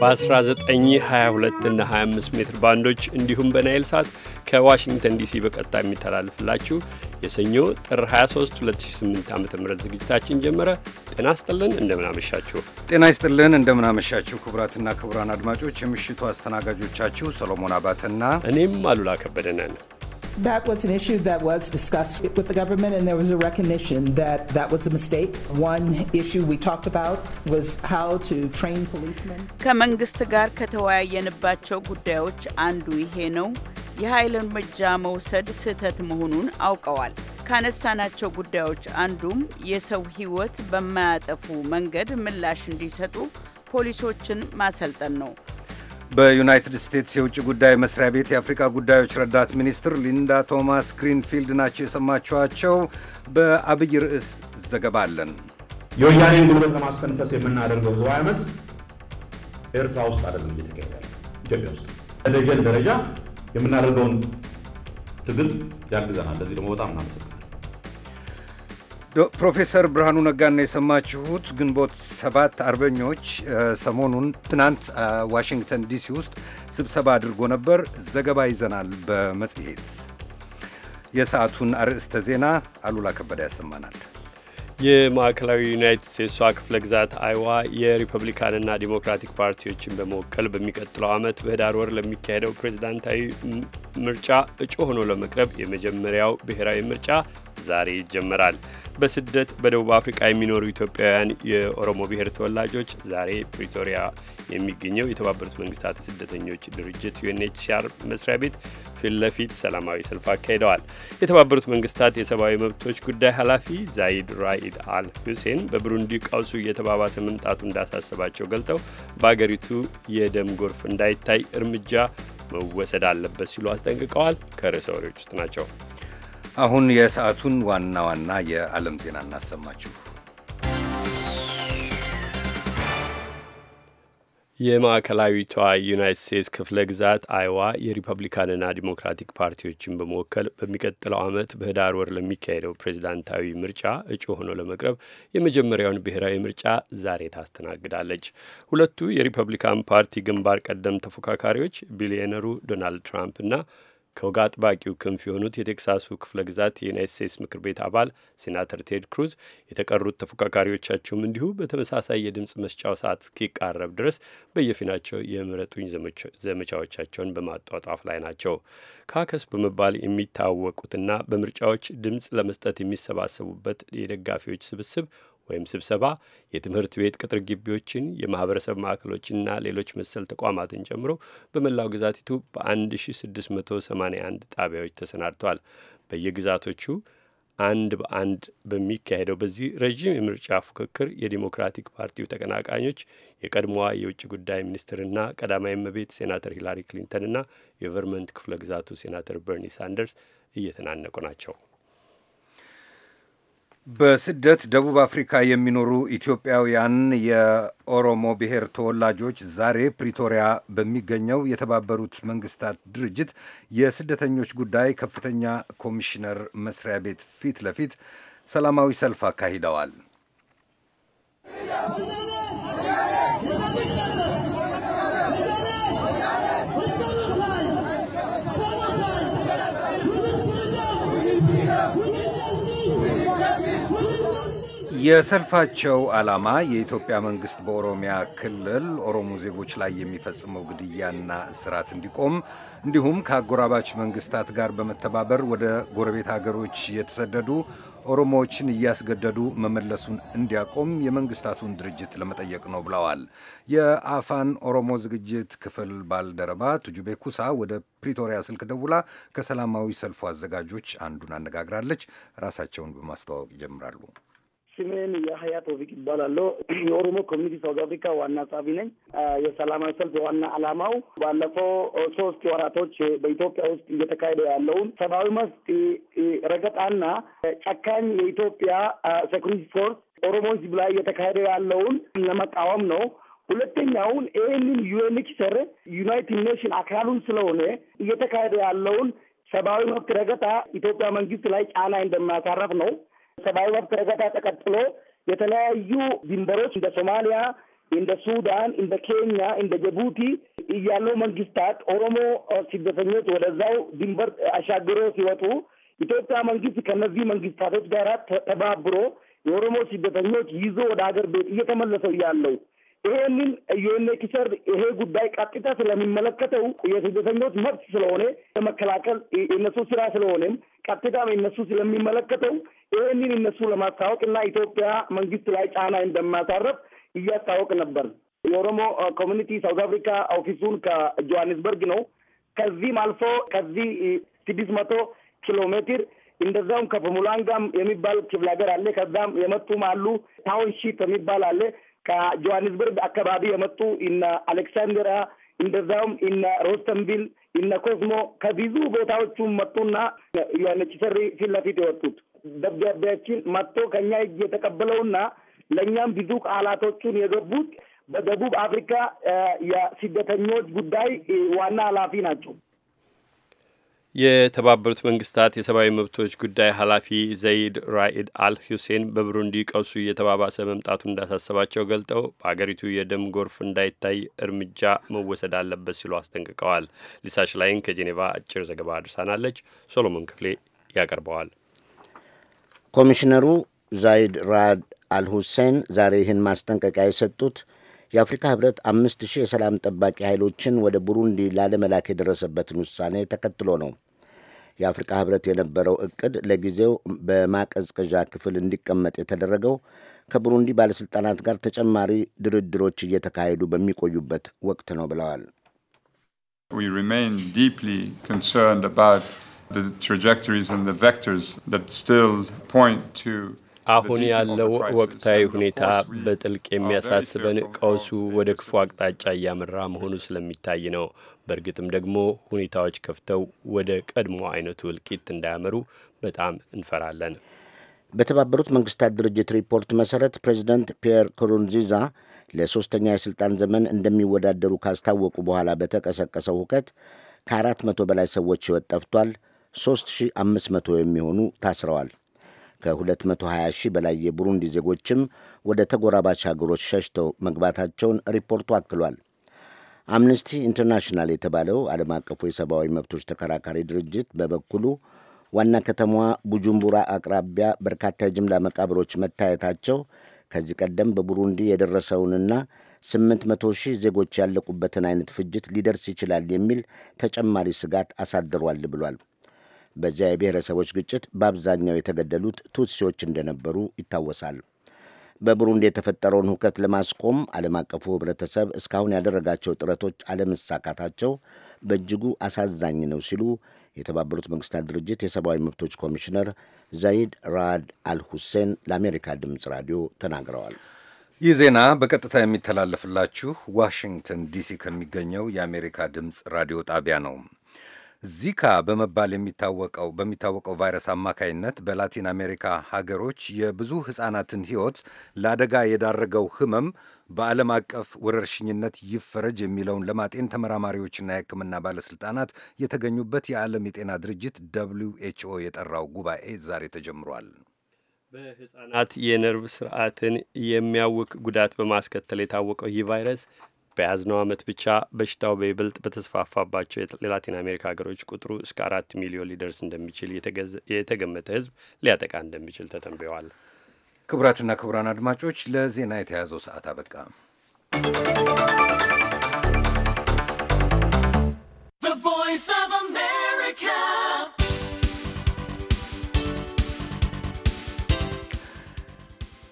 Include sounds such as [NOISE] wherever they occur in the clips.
በ1922ና 25 ሜትር ባንዶች እንዲሁም በናይል ሳት ከዋሽንግተን ዲሲ በቀጥታ የሚተላልፍላችሁ የሰኞ ጥር 23 2008 ዓ ም ዝግጅታችን ጀመረ። ጤና ይስጥልን እንደምናመሻችሁ። ጤና ይስጥልን እንደምናመሻችሁ። ክቡራትና ክቡራን አድማጮች የምሽቱ አስተናጋጆቻችሁ ሰሎሞን አባተና እኔም አሉላ ከበደ ነን። That was an issue that was discussed with the government, and there was a recognition that that was a mistake. One issue we talked about was how to train policemen. ከመንግስት ጋር ከተወያየንባቸው ጉዳዮች አንዱ ይሄ ነው። የኃይል እርምጃ መውሰድ ስህተት መሆኑን አውቀዋል። ካነሳናቸው ጉዳዮች አንዱም የሰው ሕይወት በማያጠፉ መንገድ ምላሽ እንዲሰጡ ፖሊሶችን ማሰልጠን ነው። በዩናይትድ ስቴትስ የውጭ ጉዳይ መስሪያ ቤት የአፍሪካ ጉዳዮች ረዳት ሚኒስትር ሊንዳ ቶማስ ግሪንፊልድ ናቸው የሰማችኋቸው። በአብይ ርዕስ ዘገባ አለን። የወያኔን ጉልበት ለማስፈንፈስ የምናደርገው ዘዋ አመፅ ኤርትራ ውስጥ አይደለም እየተካሄደ ኢትዮጵያ ውስጥ በደጀን ደረጃ የምናደርገውን ትግል ያግዘናል። ለዚህ ደግሞ በጣም እናመሰግናለን። ፕሮፌሰር ብርሃኑ ነጋና የሰማችሁት ግንቦት ሰባት አርበኞች ሰሞኑን ትናንት ዋሽንግተን ዲሲ ውስጥ ስብሰባ አድርጎ ነበር። ዘገባ ይዘናል በመጽሔት። የሰዓቱን አርዕስተ ዜና አሉላ ከበደ ያሰማናል። የማዕከላዊ ዩናይትድ ስቴትሷ ክፍለ ግዛት አይዋ የሪፐብሊካንና ዲሞክራቲክ ፓርቲዎችን በመወከል በሚቀጥለው ዓመት በህዳር ወር ለሚካሄደው ፕሬዚዳንታዊ ምርጫ እጩ ሆኖ ለመቅረብ የመጀመሪያው ብሔራዊ ምርጫ ዛሬ ይጀመራል። በስደት በደቡብ አፍሪካ የሚኖሩ ኢትዮጵያውያን የኦሮሞ ብሔር ተወላጆች ዛሬ ፕሪቶሪያ የሚገኘው የተባበሩት መንግስታት ስደተኞች ድርጅት ዩኤንኤችሲአር መስሪያ ቤት ፊት ለፊት ሰላማዊ ሰልፍ አካሂደዋል። የተባበሩት መንግስታት የሰብአዊ መብቶች ጉዳይ ኃላፊ ዛይድ ራኢድ አል ሁሴን በብሩንዲ ቀውሱ እየተባባሰ መምጣቱ እንዳሳሰባቸው ገልጠው በአገሪቱ የደም ጎርፍ እንዳይታይ እርምጃ መወሰድ አለበት ሲሉ አስጠንቅቀዋል። ከርዕሰ ወሬዎች ውስጥ ናቸው። አሁን የሰዓቱን ዋና ዋና የዓለም ዜና እናሰማችሁ። የማዕከላዊቷ ዩናይት ስቴትስ ክፍለ ግዛት አይዋ የሪፐብሊካንና ዲሞክራቲክ ፓርቲዎችን በመወከል በሚቀጥለው ዓመት በህዳር ወር ለሚካሄደው ፕሬዚዳንታዊ ምርጫ እጩ ሆኖ ለመቅረብ የመጀመሪያውን ብሔራዊ ምርጫ ዛሬ ታስተናግዳለች። ሁለቱ የሪፐብሊካን ፓርቲ ግንባር ቀደም ተፎካካሪዎች ቢሊዮነሩ ዶናልድ ትራምፕና ከወግ አጥባቂው ክንፍ የሆኑት የቴክሳሱ ክፍለ ግዛት የዩናይት ስቴትስ ምክር ቤት አባል ሴናተር ቴድ ክሩዝ የተቀሩት ተፎካካሪዎቻቸውም እንዲሁ በተመሳሳይ የድምፅ መስጫው ሰዓት እስኪቃረብ ድረስ በየፊናቸው የምረጡኝ ዘመቻዎቻቸውን በማጧጧፍ ላይ ናቸው። ካከስ በመባል የሚታወቁትና በምርጫዎች ድምፅ ለመስጠት የሚሰባሰቡበት የደጋፊዎች ስብስብ ወይም ስብሰባ የትምህርት ቤት ቅጥር ግቢዎችን፣ የማህበረሰብ ማዕከሎችና ሌሎች መሰል ተቋማትን ጨምሮ በመላው ግዛቲቱ በ1681 ጣቢያዎች ተሰናድተዋል። በየግዛቶቹ አንድ በአንድ በሚካሄደው በዚህ ረዥም የምርጫ ፉክክር የዲሞክራቲክ ፓርቲው ተቀናቃኞች የቀድሞዋ የውጭ ጉዳይ ሚኒስትርና ቀዳማዊ እመቤት ሴናተር ሂላሪ ክሊንተንና የቨርመንት ክፍለ ግዛቱ ሴናተር በርኒ ሳንደርስ እየተናነቁ ናቸው። በስደት ደቡብ አፍሪካ የሚኖሩ ኢትዮጵያውያን የኦሮሞ ብሔር ተወላጆች ዛሬ ፕሪቶሪያ በሚገኘው የተባበሩት መንግስታት ድርጅት የስደተኞች ጉዳይ ከፍተኛ ኮሚሽነር መስሪያ ቤት ፊት ለፊት ሰላማዊ ሰልፍ አካሂደዋል። የሰልፋቸው ዓላማ የኢትዮጵያ መንግስት በኦሮሚያ ክልል ኦሮሞ ዜጎች ላይ የሚፈጽመው ግድያና እስራት እንዲቆም እንዲሁም ከአጎራባች መንግስታት ጋር በመተባበር ወደ ጎረቤት ሀገሮች የተሰደዱ ኦሮሞዎችን እያስገደዱ መመለሱን እንዲያቆም የመንግስታቱን ድርጅት ለመጠየቅ ነው ብለዋል። የአፋን ኦሮሞ ዝግጅት ክፍል ባልደረባ ቱጁቤ ኩሳ ወደ ፕሪቶሪያ ስልክ ደውላ ከሰላማዊ ሰልፉ አዘጋጆች አንዱን አነጋግራለች። ራሳቸውን በማስተዋወቅ ይጀምራሉ። ስሜን የሀያ ቶፊቅ ይባላለሁ። የኦሮሞ ኮሚኒቲ ሳውዝ አፍሪካ ዋና ጸሐፊ ነኝ። የሰላማዊ ሰልፍ ዋና ዓላማው ባለፈው ሶስት ወራቶች በኢትዮጵያ ውስጥ እየተካሄደ ያለውን ሰብአዊ መብት ረገጣና ጨካኝ የኢትዮጵያ ሴኩሪቲ ፎርስ ኦሮሞ ህዝብ ላይ እየተካሄደ ያለውን ለመቃወም ነው። ሁለተኛውን ይህንን ዩኤንኤችሲአር ዩናይትድ ኔሽን አካሉን ስለሆነ እየተካሄደ ያለውን ሰብአዊ መብት ረገጣ ኢትዮጵያ መንግስት ላይ ጫና እንደማያሳረፍ ነው። ሰብአዊ መብት ረገጣ ተቀጥሎ የተለያዩ ድንበሮች እንደ ሶማሊያ፣ እንደ ሱዳን፣ እንደ ኬንያ፣ እንደ ጅቡቲ እያለው መንግስታት ኦሮሞ ስደተኞች ወደዛው ድንበር አሻግሮ ሲወጡ ኢትዮጵያ መንግስት ከነዚህ መንግስታቶች ጋር ተባብሮ የኦሮሞ ስደተኞች ይዞ ወደ ሀገር ቤት እየተመለሰው ያለው ይሄንን ዩኤንኤችሲአር ይሄ ጉዳይ ቀጥታ ስለሚመለከተው የስደተኞች መብት ስለሆነ ለመከላከል የነሱ ስራ ስለሆነም ቀጥታ የነሱ ስለሚመለከተው ይሄንን እነሱ ለማስታወቅ እና ኢትዮጵያ መንግስት ላይ ጫና እንደማሳረፍ እያስታወቅ ነበር። የኦሮሞ ኮሚኒቲ ሳውት አፍሪካ ኦፊሱን ከጆሃንስበርግ ነው። ከዚህም አልፎ ከዚህ ስድስት መቶ ኪሎ ሜትር እንደዛውም ከፖሙላንጋም የሚባል ክፍለ ሀገር አለ። ከዛም የመጡም አሉ። ታውንሺፕ የሚባል አለ። ከጆሃንስበርግ አካባቢ የመጡ እነ አሌክሳንድራ እንደዛውም እነ ሮስተንቪል እነ ኮስሞ ከብዙ ቦታዎቹም መጡና የነጭ ሰሪ ፊት ለፊት የወጡት ደብዳቤያችን መጥቶ ከኛ እጅ የተቀበለውና ለእኛም ብዙ ቃላቶቹን የገቡት በደቡብ አፍሪካ የስደተኞች ጉዳይ ዋና ኃላፊ ናቸው። የተባበሩት መንግስታት የሰብአዊ መብቶች ጉዳይ ኃላፊ ዘይድ ራኢድ አል ሁሴን በብሩንዲ ቀውሱ እየተባባሰ መምጣቱን እንዳሳሰባቸው ገልጠው በአገሪቱ የደም ጎርፍ እንዳይታይ እርምጃ መወሰድ አለበት ሲሉ አስጠንቅቀዋል። ሊሳሽ ላይን ከጄኔቫ አጭር ዘገባ አድርሳናለች። ሶሎሞን ክፍሌ ያቀርበዋል። ኮሚሽነሩ ዛይድ ራድ አልሁሴን ዛሬ ይህን ማስጠንቀቂያ የሰጡት የአፍሪካ ህብረት አምስት ሺህ የሰላም ጠባቂ ኃይሎችን ወደ ቡሩንዲ ላለመላክ የደረሰበትን ውሳኔ ተከትሎ ነው። የአፍሪካ ህብረት የነበረው እቅድ ለጊዜው በማቀዝቀዣ ክፍል እንዲቀመጥ የተደረገው ከቡሩንዲ ባለሥልጣናት ጋር ተጨማሪ ድርድሮች እየተካሄዱ በሚቆዩበት ወቅት ነው ብለዋል። አሁን ያለው ወቅታዊ ሁኔታ በጥልቅ የሚያሳስበን ቀውሱ ወደ ክፉ አቅጣጫ እያመራ መሆኑ ስለሚታይ ነው። በእርግጥም ደግሞ ሁኔታዎች ከፍተው ወደ ቀድሞ አይነቱ እልቂት እንዳያመሩ በጣም እንፈራለን። በተባበሩት መንግስታት ድርጅት ሪፖርት መሰረት ፕሬዚደንት ፒየር ኩሩንዚዛ ለሶስተኛ የሥልጣን ዘመን እንደሚወዳደሩ ካስታወቁ በኋላ በተቀሰቀሰው ሁከት ከአራት መቶ በላይ ሰዎች ሕይወት ጠፍቷል። 3500 የሚሆኑ ታስረዋል። ከ220 ሺህ በላይ የቡሩንዲ ዜጎችም ወደ ተጎራባች ሀገሮች ሸሽተው መግባታቸውን ሪፖርቱ አክሏል። አምነስቲ ኢንተርናሽናል የተባለው ዓለም አቀፉ የሰብአዊ መብቶች ተከራካሪ ድርጅት በበኩሉ ዋና ከተማዋ ቡጁምቡራ አቅራቢያ በርካታ የጅምላ መቃብሮች መታየታቸው ከዚህ ቀደም በቡሩንዲ የደረሰውንና 800 ሺህ ዜጎች ያለቁበትን አይነት ፍጅት ሊደርስ ይችላል የሚል ተጨማሪ ስጋት አሳድሯል ብሏል። በዚያ የብሔረሰቦች ግጭት በአብዛኛው የተገደሉት ቱትሲዎች እንደነበሩ ይታወሳል። በብሩንዲ የተፈጠረውን ሁከት ለማስቆም ዓለም አቀፉ ኅብረተሰብ እስካሁን ያደረጋቸው ጥረቶች አለመሳካታቸው በእጅጉ አሳዛኝ ነው ሲሉ የተባበሩት መንግስታት ድርጅት የሰብአዊ መብቶች ኮሚሽነር ዘይድ ራድ አልሁሴን ለአሜሪካ ድምፅ ራዲዮ ተናግረዋል። ይህ ዜና በቀጥታ የሚተላለፍላችሁ ዋሽንግተን ዲሲ ከሚገኘው የአሜሪካ ድምፅ ራዲዮ ጣቢያ ነው። ዚካ በመባል የሚታወቀው በሚታወቀው ቫይረስ አማካይነት በላቲን አሜሪካ ሀገሮች የብዙ ሕፃናትን ሕይወት ለአደጋ የዳረገው ህመም በዓለም አቀፍ ወረርሽኝነት ይፈረጅ የሚለውን ለማጤን ተመራማሪዎችና የሕክምና ባለሥልጣናት የተገኙበት የዓለም የጤና ድርጅት ደብሊው ኤች ኦ የጠራው ጉባኤ ዛሬ ተጀምሯል። በህጻናት የነርቭ ስርዓትን የሚያውቅ ጉዳት በማስከተል የታወቀው ይህ ቫይረስ በያዝነው ዓመት ብቻ በሽታው በይበልጥ በተስፋፋባቸው የላቲን አሜሪካ ሀገሮች ቁጥሩ እስከ አራት ሚሊዮን ሊደርስ እንደሚችል የተገመተ ህዝብ ሊያጠቃ እንደሚችል ተተንብየዋል። ክቡራትና ክቡራን አድማጮች ለዜና የተያዘው ሰዓት አበቃ።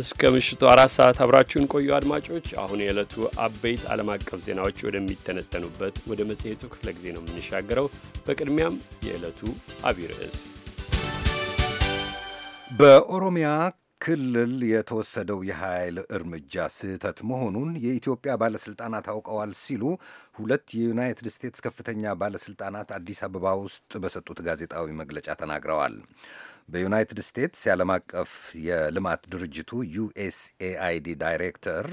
እስከ ምሽቱ አራት ሰዓት አብራችሁን ቆዩ አድማጮች። አሁን የዕለቱ አበይት ዓለም አቀፍ ዜናዎች ወደሚተነተኑበት ወደ መጽሔቱ ክፍለ ጊዜ ነው የምንሻገረው። በቅድሚያም የዕለቱ አብይ ርዕስ በኦሮሚያ ክልል የተወሰደው የኃይል እርምጃ ስህተት መሆኑን የኢትዮጵያ ባለሥልጣናት አውቀዋል ሲሉ ሁለት የዩናይትድ ስቴትስ ከፍተኛ ባለሥልጣናት አዲስ አበባ ውስጥ በሰጡት ጋዜጣዊ መግለጫ ተናግረዋል። በዩናይትድ ስቴትስ የዓለም አቀፍ የልማት ድርጅቱ ዩኤስኤአይዲ ዳይሬክተር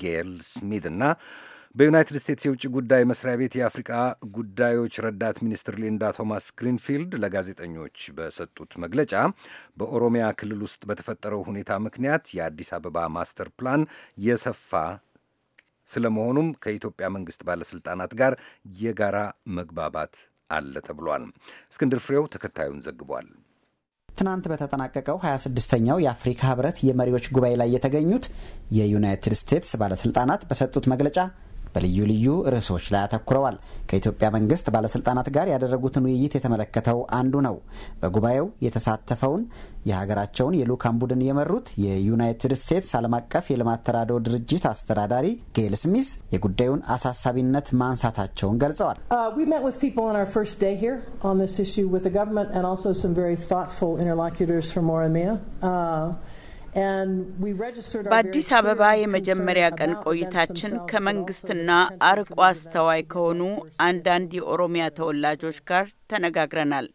ጌል ስሚት እና በዩናይትድ ስቴትስ የውጭ ጉዳይ መስሪያ ቤት የአፍሪቃ ጉዳዮች ረዳት ሚኒስትር ሊንዳ ቶማስ ግሪንፊልድ ለጋዜጠኞች በሰጡት መግለጫ በኦሮሚያ ክልል ውስጥ በተፈጠረው ሁኔታ ምክንያት የአዲስ አበባ ማስተር ፕላን የሰፋ ስለመሆኑም ከኢትዮጵያ መንግስት ባለስልጣናት ጋር የጋራ መግባባት አለ ተብሏል። እስክንድር ፍሬው ተከታዩን ዘግቧል። ትናንት በተጠናቀቀው 26ኛው የአፍሪካ ህብረት የመሪዎች ጉባኤ ላይ የተገኙት የዩናይትድ ስቴትስ ባለስልጣናት በሰጡት መግለጫ በልዩ ልዩ ርዕሶች ላይ አተኩረዋል። ከኢትዮጵያ መንግስት ባለስልጣናት ጋር ያደረጉትን ውይይት የተመለከተው አንዱ ነው። በጉባኤው የተሳተፈውን የሀገራቸውን የልዑካን ቡድን የመሩት የዩናይትድ ስቴትስ ዓለም አቀፍ የልማት ተራድኦ ድርጅት አስተዳዳሪ ጌል ስሚስ የጉዳዩን አሳሳቢነት ማንሳታቸውን ገልጸዋል። uh, on this issue በአዲስ አበባ የመጀመሪያ ቀን ቆይታችን ከመንግስትና አርቆ አስተዋይ ከሆኑ አንዳንድ የኦሮሚያ ተወላጆች ጋር ተነጋግረናል።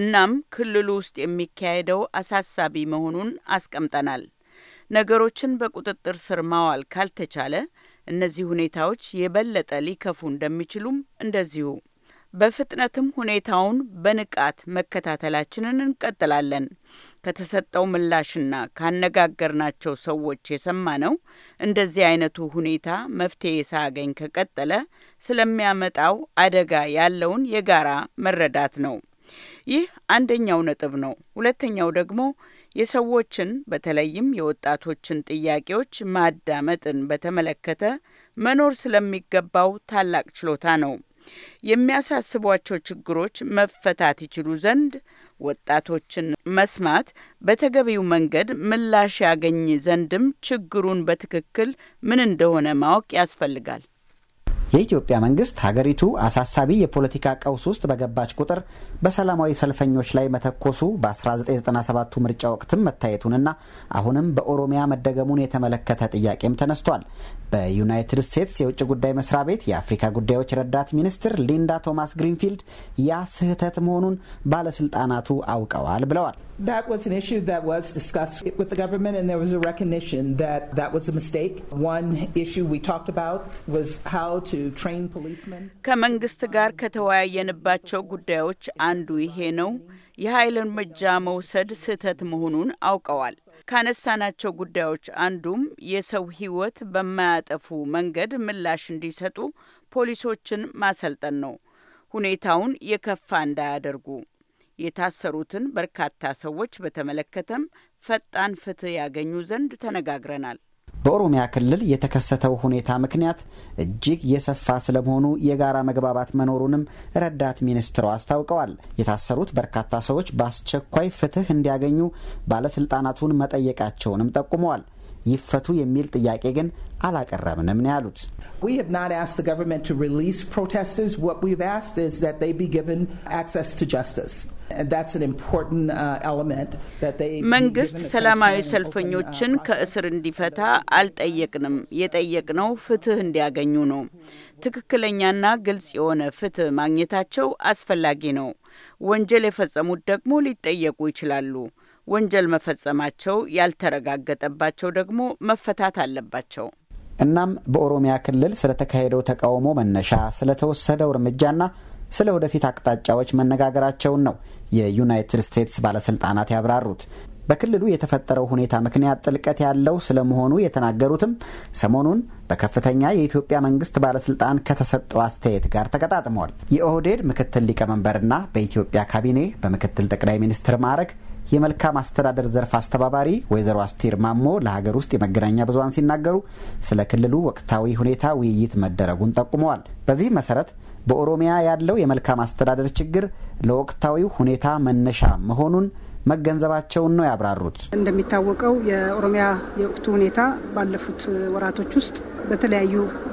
እናም ክልሉ ውስጥ የሚካሄደው አሳሳቢ መሆኑን አስቀምጠናል። ነገሮችን በቁጥጥር ስር ማዋል ካልተቻለ እነዚህ ሁኔታዎች የበለጠ ሊከፉ እንደሚችሉም እንደዚሁ። በፍጥነትም ሁኔታውን በንቃት መከታተላችንን እንቀጥላለን። ከተሰጠው ምላሽና ካነጋገርናቸው ሰዎች የሰማ ነው። እንደዚህ አይነቱ ሁኔታ መፍትሄ ሳያገኝ ከቀጠለ ስለሚያመጣው አደጋ ያለውን የጋራ መረዳት ነው። ይህ አንደኛው ነጥብ ነው። ሁለተኛው ደግሞ የሰዎችን በተለይም የወጣቶችን ጥያቄዎች ማዳመጥን በተመለከተ መኖር ስለሚገባው ታላቅ ችሎታ ነው። የሚያሳስቧቸው ችግሮች መፈታት ይችሉ ዘንድ ወጣቶችን መስማት በተገቢው መንገድ ምላሽ ያገኝ ዘንድም ችግሩን በትክክል ምን እንደሆነ ማወቅ ያስፈልጋል። የኢትዮጵያ መንግስት ሀገሪቱ አሳሳቢ የፖለቲካ ቀውስ ውስጥ በገባች ቁጥር በሰላማዊ ሰልፈኞች ላይ መተኮሱ በ1997 ምርጫ ወቅትም መታየቱንና አሁንም በኦሮሚያ መደገሙን የተመለከተ ጥያቄም ተነስቷል። በዩናይትድ ስቴትስ የውጭ ጉዳይ መስሪያ ቤት የአፍሪካ ጉዳዮች ረዳት ሚኒስትር ሊንዳ ቶማስ ግሪንፊልድ ያ ስህተት መሆኑን ባለስልጣናቱ አውቀዋል ብለዋል። that was a mistake. One issue we talked about was how to ከመንግስት ጋር ከተወያየንባቸው ጉዳዮች አንዱ ይሄ ነው። የኃይል እርምጃ መውሰድ ስህተት መሆኑን አውቀዋል። ካነሳናቸው ጉዳዮች አንዱም የሰው ሕይወት በማያጠፉ መንገድ ምላሽ እንዲሰጡ ፖሊሶችን ማሰልጠን ነው፣ ሁኔታውን የከፋ እንዳያደርጉ። የታሰሩትን በርካታ ሰዎች በተመለከተም ፈጣን ፍትህ ያገኙ ዘንድ ተነጋግረናል። በኦሮሚያ ክልል የተከሰተው ሁኔታ ምክንያት እጅግ የሰፋ ስለመሆኑ የጋራ መግባባት መኖሩንም ረዳት ሚኒስትሯ አስታውቀዋል። የታሰሩት በርካታ ሰዎች በአስቸኳይ ፍትህ እንዲያገኙ ባለስልጣናቱን መጠየቃቸውንም ጠቁመዋል። ይፈቱ የሚል ጥያቄ ግን አላቀረብንም ነው ያሉት። Uh, መንግስት ሰላማዊ uh, ሰልፈኞችን ከእስር እንዲፈታ አልጠየቅንም። የጠየቅነው ፍትህ እንዲያገኙ ነው። ትክክለኛና ግልጽ የሆነ ፍትህ ማግኘታቸው አስፈላጊ ነው። ወንጀል የፈጸሙት ደግሞ ሊጠየቁ ይችላሉ። ወንጀል መፈጸማቸው ያልተረጋገጠባቸው ደግሞ መፈታት አለባቸው። እናም በኦሮሚያ ክልል ስለተካሄደው ተቃውሞ መነሻ፣ ስለተወሰደው እርምጃና ስለ ወደፊት አቅጣጫዎች መነጋገራቸውን ነው የዩናይትድ ስቴትስ ባለስልጣናት ያብራሩት። በክልሉ የተፈጠረው ሁኔታ ምክንያት ጥልቀት ያለው ስለመሆኑ የተናገሩትም ሰሞኑን በከፍተኛ የኢትዮጵያ መንግስት ባለስልጣን ከተሰጠው አስተያየት ጋር ተቀጣጥመዋል። የኦህዴድ ምክትል ሊቀመንበርና በኢትዮጵያ ካቢኔ በምክትል ጠቅላይ ሚኒስትር ማዕረግ የመልካም አስተዳደር ዘርፍ አስተባባሪ ወይዘሮ አስቴር ማሞ ለሀገር ውስጥ የመገናኛ ብዙኃን ሲናገሩ ስለ ክልሉ ወቅታዊ ሁኔታ ውይይት መደረጉን ጠቁመዋል። በዚህ መሰረት በኦሮሚያ ያለው የመልካም አስተዳደር ችግር ለወቅታዊ ሁኔታ መነሻ መሆኑን መገንዘባቸውን ነው ያብራሩት። እንደሚታወቀው የኦሮሚያ የወቅቱ ሁኔታ ባለፉት ወራቶች ውስጥ በተለያዩ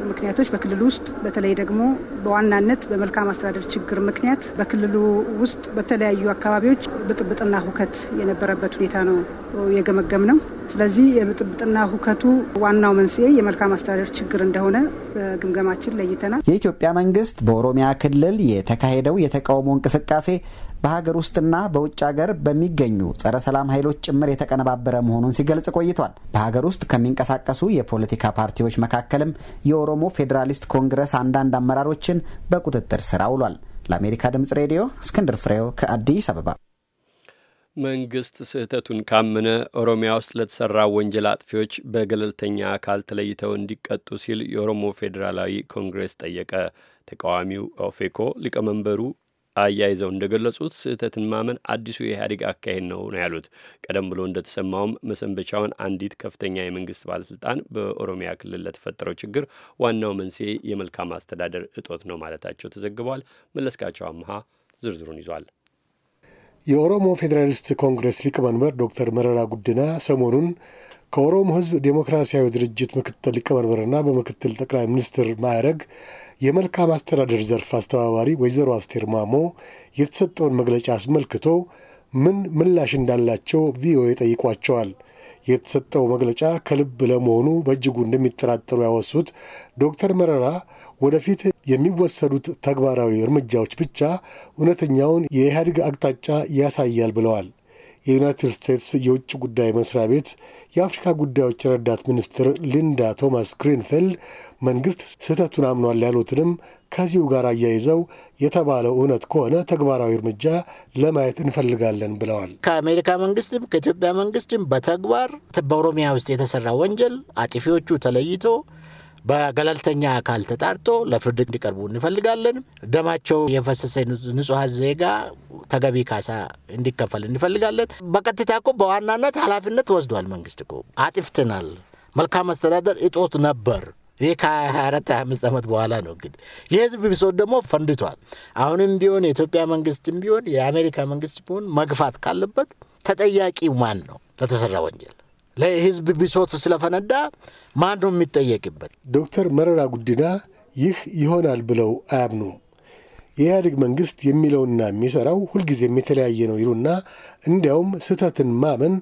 ምክንያቶች በክልሉ ውስጥ በተለይ ደግሞ በዋናነት በመልካም አስተዳደር ችግር ምክንያት በክልሉ ውስጥ በተለያዩ አካባቢዎች ብጥብጥና ሁከት የነበረበት ሁኔታ ነው የገመገም ነው። ስለዚህ የብጥብጥና ሁከቱ ዋናው መንስኤ የመልካም አስተዳደር ችግር እንደሆነ በግምገማችን ለይተናል። የኢትዮጵያ መንግስት በኦሮሚያ ክልል የተካሄደው የተቃውሞ እንቅስቃሴ በሀገር ውስጥና በውጭ ሀገር በሚገኙ ጸረ ሰላም ኃይሎች ጭምር የተቀነባበረ መሆኑን ሲገልጽ ቆይቷል። በሀገር ውስጥ ከሚንቀሳቀሱ የፖለቲካ ፓርቲዎች መካከልም የኦሮሞ ፌዴራሊስት ኮንግረስ አንዳንድ አመራሮችን በቁጥጥር ስር አውሏል። ለአሜሪካ ድምጽ ሬዲዮ እስክንድር ፍሬው ከአዲስ አበባ መንግስት ስህተቱን ካመነ ኦሮሚያ ውስጥ ለተሰራ ወንጀል አጥፊዎች በገለልተኛ አካል ተለይተው እንዲቀጡ ሲል የኦሮሞ ፌዴራላዊ ኮንግሬስ ጠየቀ። ተቃዋሚው ኦፌኮ ሊቀመንበሩ አያይዘው እንደገለጹት ስህተትን ማመን አዲሱ የኢህአዴግ አካሄድ ነው ነው ያሉት። ቀደም ብሎ እንደተሰማውም መሰንበቻውን አንዲት ከፍተኛ የመንግስት ባለስልጣን በኦሮሚያ ክልል ለተፈጠረው ችግር ዋናው መንስኤ የመልካም አስተዳደር እጦት ነው ማለታቸው ተዘግቧል። መለስካቸው አምሃ ዝርዝሩን ይዟል። የኦሮሞ ፌዴራሊስት ኮንግረስ ሊቀመንበር ዶክተር መረራ ጉድና ሰሞኑን ከኦሮሞ ህዝብ ዴሞክራሲያዊ ድርጅት ምክትል ሊቀመንበርና በምክትል ጠቅላይ ሚኒስትር ማዕረግ የመልካም አስተዳደር ዘርፍ አስተባባሪ ወይዘሮ አስቴር ማሞ የተሰጠውን መግለጫ አስመልክቶ ምን ምላሽ እንዳላቸው ቪኦኤ ጠይቋቸዋል። የተሰጠው መግለጫ ከልብ ለመሆኑ በእጅጉ እንደሚጠራጠሩ ያወሱት ዶክተር መረራ ወደፊት የሚወሰዱት ተግባራዊ እርምጃዎች ብቻ እውነተኛውን የኢህአዴግ አቅጣጫ ያሳያል ብለዋል። የዩናይትድ ስቴትስ የውጭ ጉዳይ መስሪያ ቤት የአፍሪካ ጉዳዮች ረዳት ሚኒስትር ሊንዳ ቶማስ ግሪንፌልድ መንግስት ስህተቱን አምኗል ያሉትንም ከዚሁ ጋር አያይዘው የተባለው እውነት ከሆነ ተግባራዊ እርምጃ ለማየት እንፈልጋለን ብለዋል። ከአሜሪካ መንግስትም ከኢትዮጵያ መንግስትም በተግባር በኦሮሚያ ውስጥ የተሰራ ወንጀል አጥፊዎቹ ተለይቶ በገለልተኛ አካል ተጣርቶ ለፍርድ እንዲቀርቡ እንፈልጋለን። ደማቸው የፈሰሰ ንጹሐ ዜጋ ተገቢ ካሳ እንዲከፈል እንፈልጋለን። በቀጥታ እኮ በዋናነት ኃላፊነት ወስዷል። መንግስት እኮ መልካም አስተዳደር እጦት ነበር ይህ ከ24 25 ዓመት በኋላ ነው። እንግዲህ የህዝብ ብሶት ደግሞ ፈንድቷል። አሁንም ቢሆን የኢትዮጵያ መንግስትም ቢሆን የአሜሪካ መንግስት ቢሆን መግፋት ካለበት ተጠያቂ ማን ነው? ለተሰራ ወንጀል ለህዝብ ብሶት ስለፈነዳ ማን ነው የሚጠየቅበት? ዶክተር መረራ ጉዲና ይህ ይሆናል ብለው አያምኑም። የኢህአዴግ መንግስት የሚለውና የሚሰራው ሁልጊዜም የተለያየ ነው ይሉና እንዲያውም ስህተትን ማመን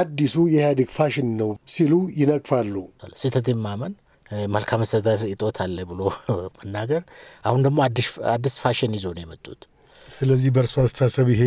አዲሱ የኢህአዴግ ፋሽን ነው ሲሉ ይነቅፋሉ። ስህተትን ማመን መልካም አስተዳደር እጦት አለ ብሎ [LAUGHS] መናገር አሁን ደግሞ አዲስ ፋሽን ይዞ ነው የመጡት። ስለዚህ በእርሱ አስተሳሰብ ይሄ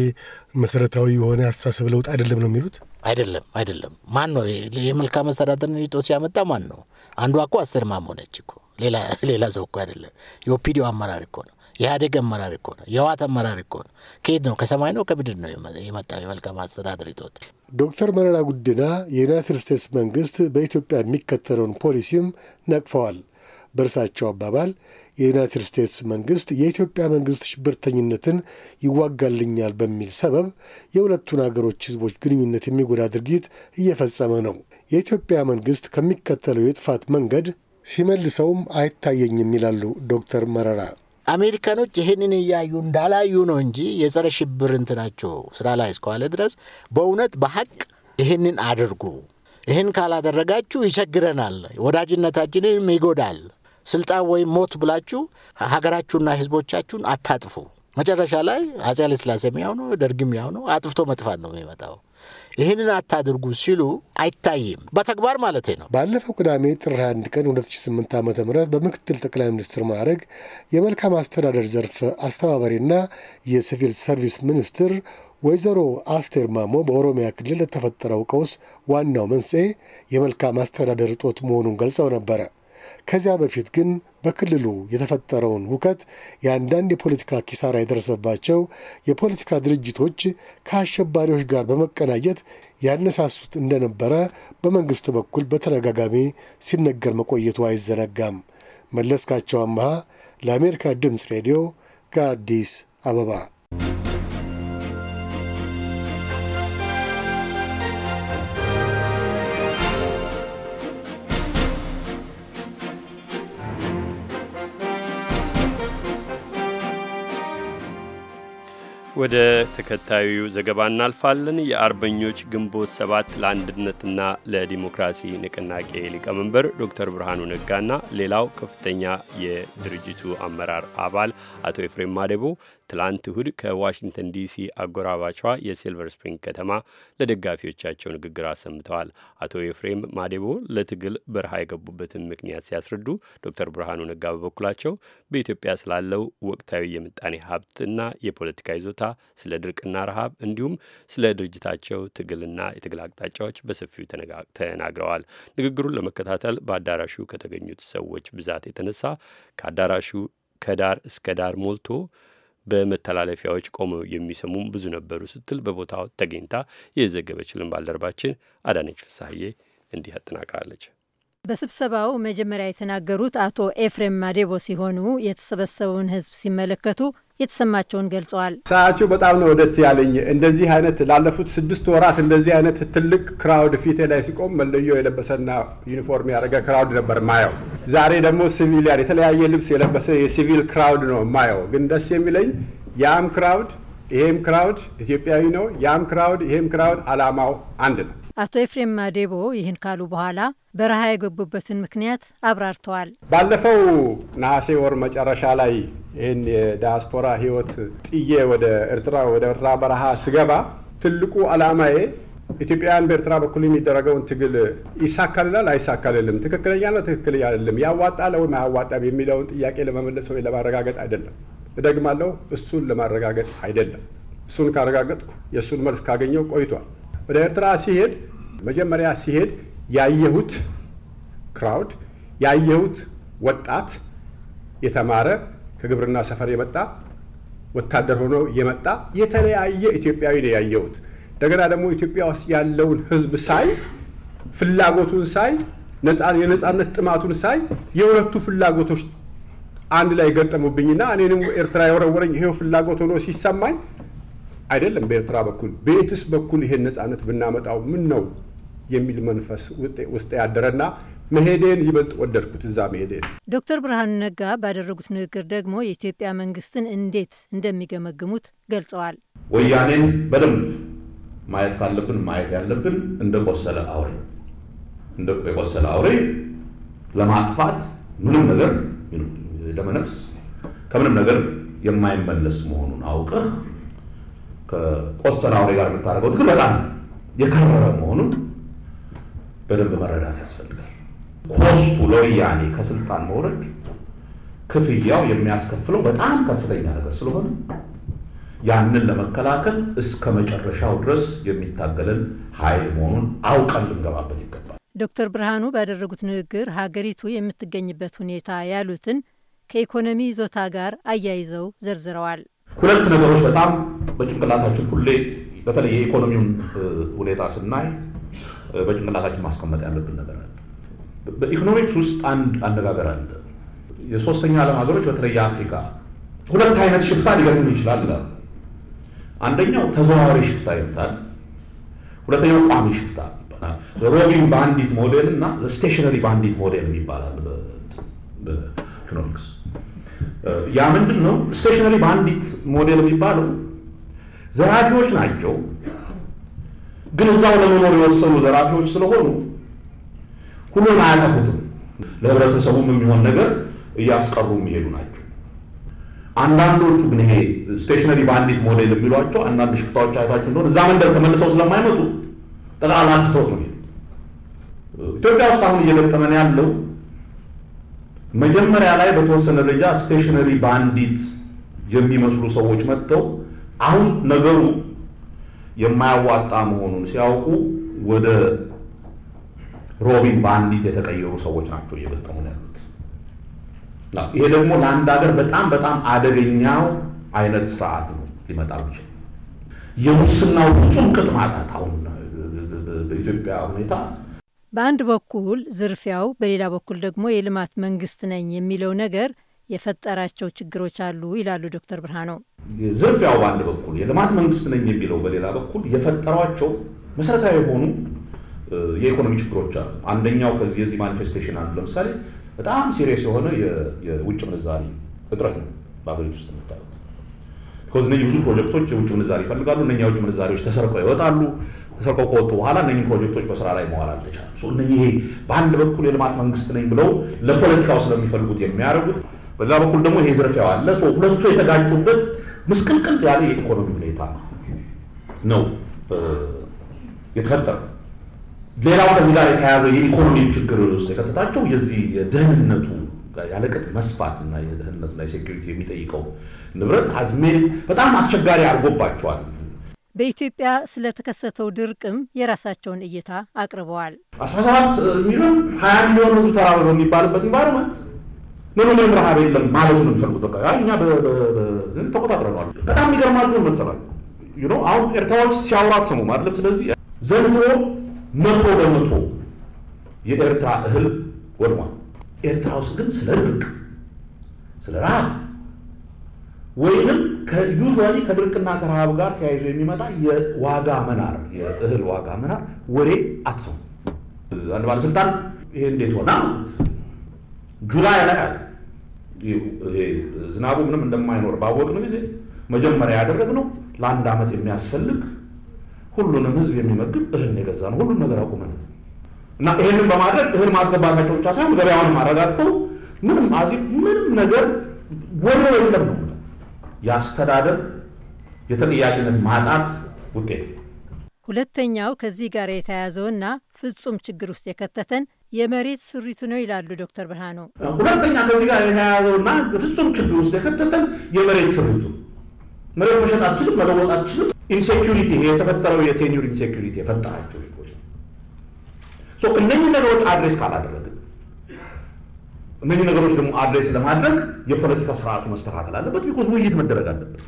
መሰረታዊ የሆነ አስተሳሰብ ለውጥ አይደለም ነው የሚሉት? አይደለም አይደለም። ማን ነው የመልካም መስተዳደር እጦት ሲያመጣ ማን ነው? አንዷ እኮ አስር ማም ሆነች እኮ [LAUGHS] ሌላ ሰው እኮ አይደለም። የኦፒዲዮ አመራር እኮ ነው። የኢህአዴግ አመራር እኮ ነው። የህወሓት አመራር እኮ ነው። ከየት ነው? ከሰማይ ነው? ከምድር ነው የመጣው የመልካም አስተዳደር እጦት? ዶክተር መረራ ጉዲና የዩናይትድ ስቴትስ መንግስት በኢትዮጵያ የሚከተለውን ፖሊሲም ነቅፈዋል። በእርሳቸው አባባል የዩናይትድ ስቴትስ መንግስት የኢትዮጵያ መንግስት ሽብርተኝነትን ይዋጋልኛል በሚል ሰበብ የሁለቱን አገሮች ህዝቦች ግንኙነት የሚጎዳ ድርጊት እየፈጸመ ነው። የኢትዮጵያ መንግስት ከሚከተለው የጥፋት መንገድ ሲመልሰውም አይታየኝም ይላሉ ዶክተር መረራ። አሜሪካኖች ይህንን እያዩ እንዳላዩ ነው እንጂ የጸረ ሽብር እንትናቸው ስራ ላይ እስከዋለ ድረስ በእውነት በሀቅ ይህንን አድርጉ፣ ይህን ካላደረጋችሁ ይቸግረናል፣ ወዳጅነታችንም ይጎዳል፣ ስልጣን ወይም ሞት ብላችሁ ሀገራችሁና ህዝቦቻችሁን አታጥፉ። መጨረሻ ላይ አጼ ኃይለሥላሴም ያው ነው፣ ደርግም ያው ነው። አጥፍቶ መጥፋት ነው የሚመጣው። ይህንን አታድርጉ ሲሉ አይታይም፣ በተግባር ማለት ነው። ባለፈው ቅዳሜ ጥር 21 ቀን 2008 ዓ ም በምክትል ጠቅላይ ሚኒስትር ማዕረግ የመልካም አስተዳደር ዘርፍ አስተባባሪና የሲቪል ሰርቪስ ሚኒስትር ወይዘሮ አስቴር ማሞ በኦሮሚያ ክልል ለተፈጠረው ቀውስ ዋናው መንስኤ የመልካም አስተዳደር እጦት መሆኑን ገልጸው ነበረ። ከዚያ በፊት ግን በክልሉ የተፈጠረውን ሁከት የአንዳንድ የፖለቲካ ኪሳራ የደረሰባቸው የፖለቲካ ድርጅቶች ከአሸባሪዎች ጋር በመቀናጀት ያነሳሱት እንደነበረ በመንግስት በኩል በተደጋጋሚ ሲነገር መቆየቱ አይዘነጋም። መለስካቸው አመሃ ለአሜሪካ ድምፅ ሬዲዮ ከአዲስ አበባ ወደ ተከታዩ ዘገባ እናልፋለን። የአርበኞች ግንቦት ሰባት ለአንድነትና ለዲሞክራሲ ንቅናቄ ሊቀመንበር ዶክተር ብርሃኑ ነጋና ሌላው ከፍተኛ የድርጅቱ አመራር አባል አቶ ኤፍሬም ማዴቦ ትላንት እሁድ ከዋሽንግተን ዲሲ አጎራባቿ የሲልቨር ስፕሪንግ ከተማ ለደጋፊዎቻቸው ንግግር አሰምተዋል። አቶ ኤፍሬም ማዴቦ ለትግል በረሃ የገቡበትን ምክንያት ሲያስረዱ፣ ዶክተር ብርሃኑ ነጋ በበኩላቸው በኢትዮጵያ ስላለው ወቅታዊ የምጣኔ ሀብትና የፖለቲካ ይዞታ፣ ስለ ድርቅና ረሃብ እንዲሁም ስለ ድርጅታቸው ትግልና የትግል አቅጣጫዎች በሰፊው ተናግረዋል። ንግግሩን ለመከታተል በአዳራሹ ከተገኙት ሰዎች ብዛት የተነሳ ከአዳራሹ ከዳር እስከ ዳር ሞልቶ በመተላለፊያዎች ቆመው የሚሰሙም ብዙ ነበሩ ስትል በቦታው ተገኝታ የዘገበችልን ባልደረባችን አዳነች ፍሳሐዬ እንዲህ አጠናቅራለች። በስብሰባው መጀመሪያ የተናገሩት አቶ ኤፍሬም ማዴቦ ሲሆኑ የተሰበሰበውን ሕዝብ ሲመለከቱ የተሰማቸውን ገልጸዋል። ሳያቸው በጣም ነው ደስ ያለኝ። እንደዚህ አይነት ላለፉት ስድስት ወራት እንደዚህ አይነት ትልቅ ክራውድ ፊቴ ላይ ሲቆም መለዮ የለበሰና ዩኒፎርም ያደረገ ክራውድ ነበር ማየው። ዛሬ ደግሞ ሲቪሊያን የተለያየ ልብስ የለበሰ የሲቪል ክራውድ ነው ማየው። ግን ደስ የሚለኝ ያም ክራውድ ይሄም ክራውድ ኢትዮጵያዊ ነው። ያም ክራውድ ይሄም ክራውድ አላማው አንድ ነው። አቶ ኤፍሬም ማዴቦ ይህን ካሉ በኋላ በረሃ የገቡበትን ምክንያት አብራርተዋል። ባለፈው ነሐሴ ወር መጨረሻ ላይ ይህን የዲያስፖራ ህይወት ጥዬ ወደ ኤርትራ ወደ ኤርትራ በረሃ ስገባ ትልቁ አላማዬ ኢትዮጵያውያን በኤርትራ በኩል የሚደረገውን ትግል ይሳካልላል አይሳካልልም፣ ትክክለኛ ነው ትክክለኛ አይደለም፣ ያዋጣል ወይም አያዋጣም የሚለውን ጥያቄ ለመመለስ ወይ ለማረጋገጥ አይደለም። እደግማለሁ፣ እሱን ለማረጋገጥ አይደለም። እሱን ካረጋገጥኩ የእሱን መልስ ካገኘው ቆይቷል። ወደ ኤርትራ ሲሄድ መጀመሪያ ሲሄድ ያየሁት ክራውድ ያየሁት ወጣት የተማረ ከግብርና ሰፈር የመጣ ወታደር ሆኖ የመጣ የተለያየ ኢትዮጵያዊ ነው ያየሁት። እንደገና ደግሞ ኢትዮጵያ ውስጥ ያለውን ሕዝብ ሳይ ፍላጎቱን ሳይ የነፃነት ጥማቱን ሳይ የሁለቱ ፍላጎቶች አንድ ላይ ገጠሙብኝና እኔንም ኤርትራ የወረወረኝ ይሄው ፍላጎት ሆኖ ሲሰማኝ አይደለም በኤርትራ በኩል በየትስ በኩል ይሄን ነፃነት ብናመጣው ምን ነው የሚል መንፈስ ውስጥ ያደረና መሄዴን ይበልጥ ወደድኩት እዛ መሄዴን። ዶክተር ብርሃኑ ነጋ ባደረጉት ንግግር ደግሞ የኢትዮጵያ መንግስትን እንዴት እንደሚገመግሙት ገልጸዋል። ወያኔን በደንብ ማየት ካለብን ማየት ያለብን እንደ ቆሰለ አውሬ እንደ የቆሰለ አውሬ ለማጥፋት ምንም ነገር ደመነፍስ ከምንም ነገር የማይመለስ መሆኑን አውቀህ ከቆስተና ጋር የምታደርገው ትግል በጣም የከረረ መሆኑን በደንብ መረዳት ያስፈልጋል። ኮስቱ ለወያኔ ከስልጣን መውረድ ክፍያው የሚያስከፍለው በጣም ከፍተኛ ነገር ስለሆነ ያንን ለመከላከል እስከ መጨረሻው ድረስ የሚታገልን ኃይል መሆኑን አውቀን ልንገባበት ይገባል። ዶክተር ብርሃኑ ባደረጉት ንግግር ሀገሪቱ የምትገኝበት ሁኔታ ያሉትን ከኢኮኖሚ ይዞታ ጋር አያይዘው ዘርዝረዋል። ሁለት ነገሮች በጣም በጭንቅላታችን ሁሌ በተለይ የኢኮኖሚውን ሁኔታ ስናይ በጭንቅላታችን ማስቀመጥ ያለብን ነገር አለ። በኢኮኖሚክስ ውስጥ አንድ አነጋገር አለ። የሶስተኛ ዓለም ሀገሮች በተለይ የአፍሪካ ሁለት አይነት ሽፍታ ሊገጥም ይችላል። አንደኛው ተዘዋዋሪ ሽፍታ ይባላል። ሁለተኛው ቋሚ ሽፍታ ይባላል። ሮቪንግ ባንዲት ሞዴል እና ስቴሽነሪ ባንዲት ሞዴል ይባላል በኢኮኖሚክስ ያ ምንድን ነው? ስቴሽነሪ ባንዲት ሞዴል የሚባለው ዘራፊዎች ናቸው፣ ግን እዛው ለመኖር የወሰኑ ዘራፊዎች ስለሆኑ ሁሉን አያጠፉትም። ለህብረተሰቡም የሚሆን ነገር እያስቀሩ የሚሄዱ ናቸው። አንዳንዶቹ ግን ይሄ ስቴሽነሪ ባንዲት ሞዴል የሚሏቸው አንዳንድ ሽፍታዎች አይታችሁ እንደሆነ እዛ መንደር ተመልሰው ስለማይመጡ ጠቅላላ ትተውት ነው። ኢትዮጵያ ውስጥ አሁን እየገጠመን ያለው መጀመሪያ ላይ በተወሰነ ደረጃ ስቴሽነሪ ባንዲት የሚመስሉ ሰዎች መጥተው አሁን ነገሩ የማያዋጣ መሆኑን ሲያውቁ ወደ ሮቢን ባንዲት የተቀየሩ ሰዎች ናቸው እየገጠሙ ያሉት። ይሄ ደግሞ ለአንድ ሀገር በጣም በጣም አደገኛው አይነት ስርዓት ነው ሊመጣ ይችላል። የሙስናው ፍጹም ቅጥ ማጣት አሁን በኢትዮጵያ ሁኔታ በአንድ በኩል ዝርፊያው፣ በሌላ በኩል ደግሞ የልማት መንግስት ነኝ የሚለው ነገር የፈጠራቸው ችግሮች አሉ ይላሉ ዶክተር ብርሃኖ። ዝርፊያው በአንድ በኩል የልማት መንግስት ነኝ የሚለው በሌላ በኩል የፈጠሯቸው መሰረታዊ የሆኑ የኢኮኖሚ ችግሮች አሉ። አንደኛው ከዚህ የዚህ ማኒፌስቴሽን አንዱ ለምሳሌ በጣም ሲሪየስ የሆነ የውጭ ምንዛሪ እጥረት ነው በሀገሪቱ ውስጥ የምታዩት። ብዙ ፕሮጀክቶች የውጭ ምንዛሪ ይፈልጋሉ። እነኛ የውጭ ምንዛሪዎች ተሰርቀው ይወጣሉ። ተሰርቀው ከወጡ በኋላ እነኚህ ፕሮጀክቶች በስራ ላይ መዋል አልተቻለም። እነኚህ በአንድ በኩል የልማት መንግስት ነኝ ብለው ለፖለቲካው ስለሚፈልጉት የሚያደርጉት፣ በሌላ በኩል ደግሞ ይሄ ዝርፊያው አለ። ሁለቱ የተጋጩበት ምስቅልቅል ያለ የኢኮኖሚ ሁኔታ ነው የተፈጠረ። ሌላው ከዚህ ጋር የተያያዘ የኢኮኖሚ ችግር ውስጥ የከተታቸው የዚህ የደህንነቱ ያለቅጥ መስፋት እና የደህንነትና የሴኪሪቲ የሚጠይቀው ንብረት አዝሜ በጣም አስቸጋሪ አድርጎባቸዋል። በኢትዮጵያ ስለተከሰተው ድርቅም የራሳቸውን እይታ አቅርበዋል። አስራ ሰባት ሚሊዮን ሀያ ሚሊዮን ህዝብ ተራበ ነው የሚባልበት ኢንቫይሮመንት ምንም ምንም ረሃብ የለም ማለቱ ነው የሚፈልጉት። በቃ እኛ ተቆጣጥረነዋል። በጣም የሚገርማቸው መሰላል አሁን ኤርትራዎች ሲያወራት ሰሙ ማለም። ስለዚህ ዘንድሮ መቶ በመቶ የኤርትራ እህል ወድሟል። ኤርትራ ውስጥ ግን ስለ ድርቅ ስለ ረሃብ ወይንም ዩዥዋሊ ከድርቅና ከረሃብ ጋር ተያይዞ የሚመጣ የዋጋ መናር የእህል ዋጋ መናር ወሬ አትሰሙ። አንድ ባለስልጣን ይሄ እንዴት ሆና ጁላይ ላይ አለ ዝናቡ ምንም እንደማይኖር ነው ጊዜ መጀመሪያ ያደረግነው ለአንድ ዓመት የሚያስፈልግ ሁሉንም ህዝብ የሚመግብ እህል የገዛ ነው። ሁሉም ነገር አቁመን እና ይህንን በማድረግ እህል ማስገባታቸው ብቻ ሳይሆን ገበያውንም አረጋግተው ምንም አዚፍ ምንም ነገር ወሬ የለም ነው የአስተዳደር የተጠያቂነት ማጣት ውጤት ሁለተኛው ከዚህ ጋር የተያያዘውና ፍጹም ችግር ውስጥ የከተተን የመሬት ስሪቱ ነው ይላሉ ዶክተር ብርሃኑ። ሁለተኛ ከዚህ ጋር የተያያዘውና ፍጹም ችግር ውስጥ የከተተን የመሬት ስሪቱ መሬት መሸጥ አትችልም፣ መለወጥ አትችልም። ኢንሴኪሪቲ የተፈጠረው የቴኒር ኢንሴኪሪቲ የፈጠራቸው እነኚህ ነገሮች አድሬስ ካላደረግን እነዚህ ነገሮች ደግሞ አድሬስ ለማድረግ የፖለቲካ ስርዓቱ መስተካከል አለበት። ቢኮዝ ውይይት መደረግ አለበት።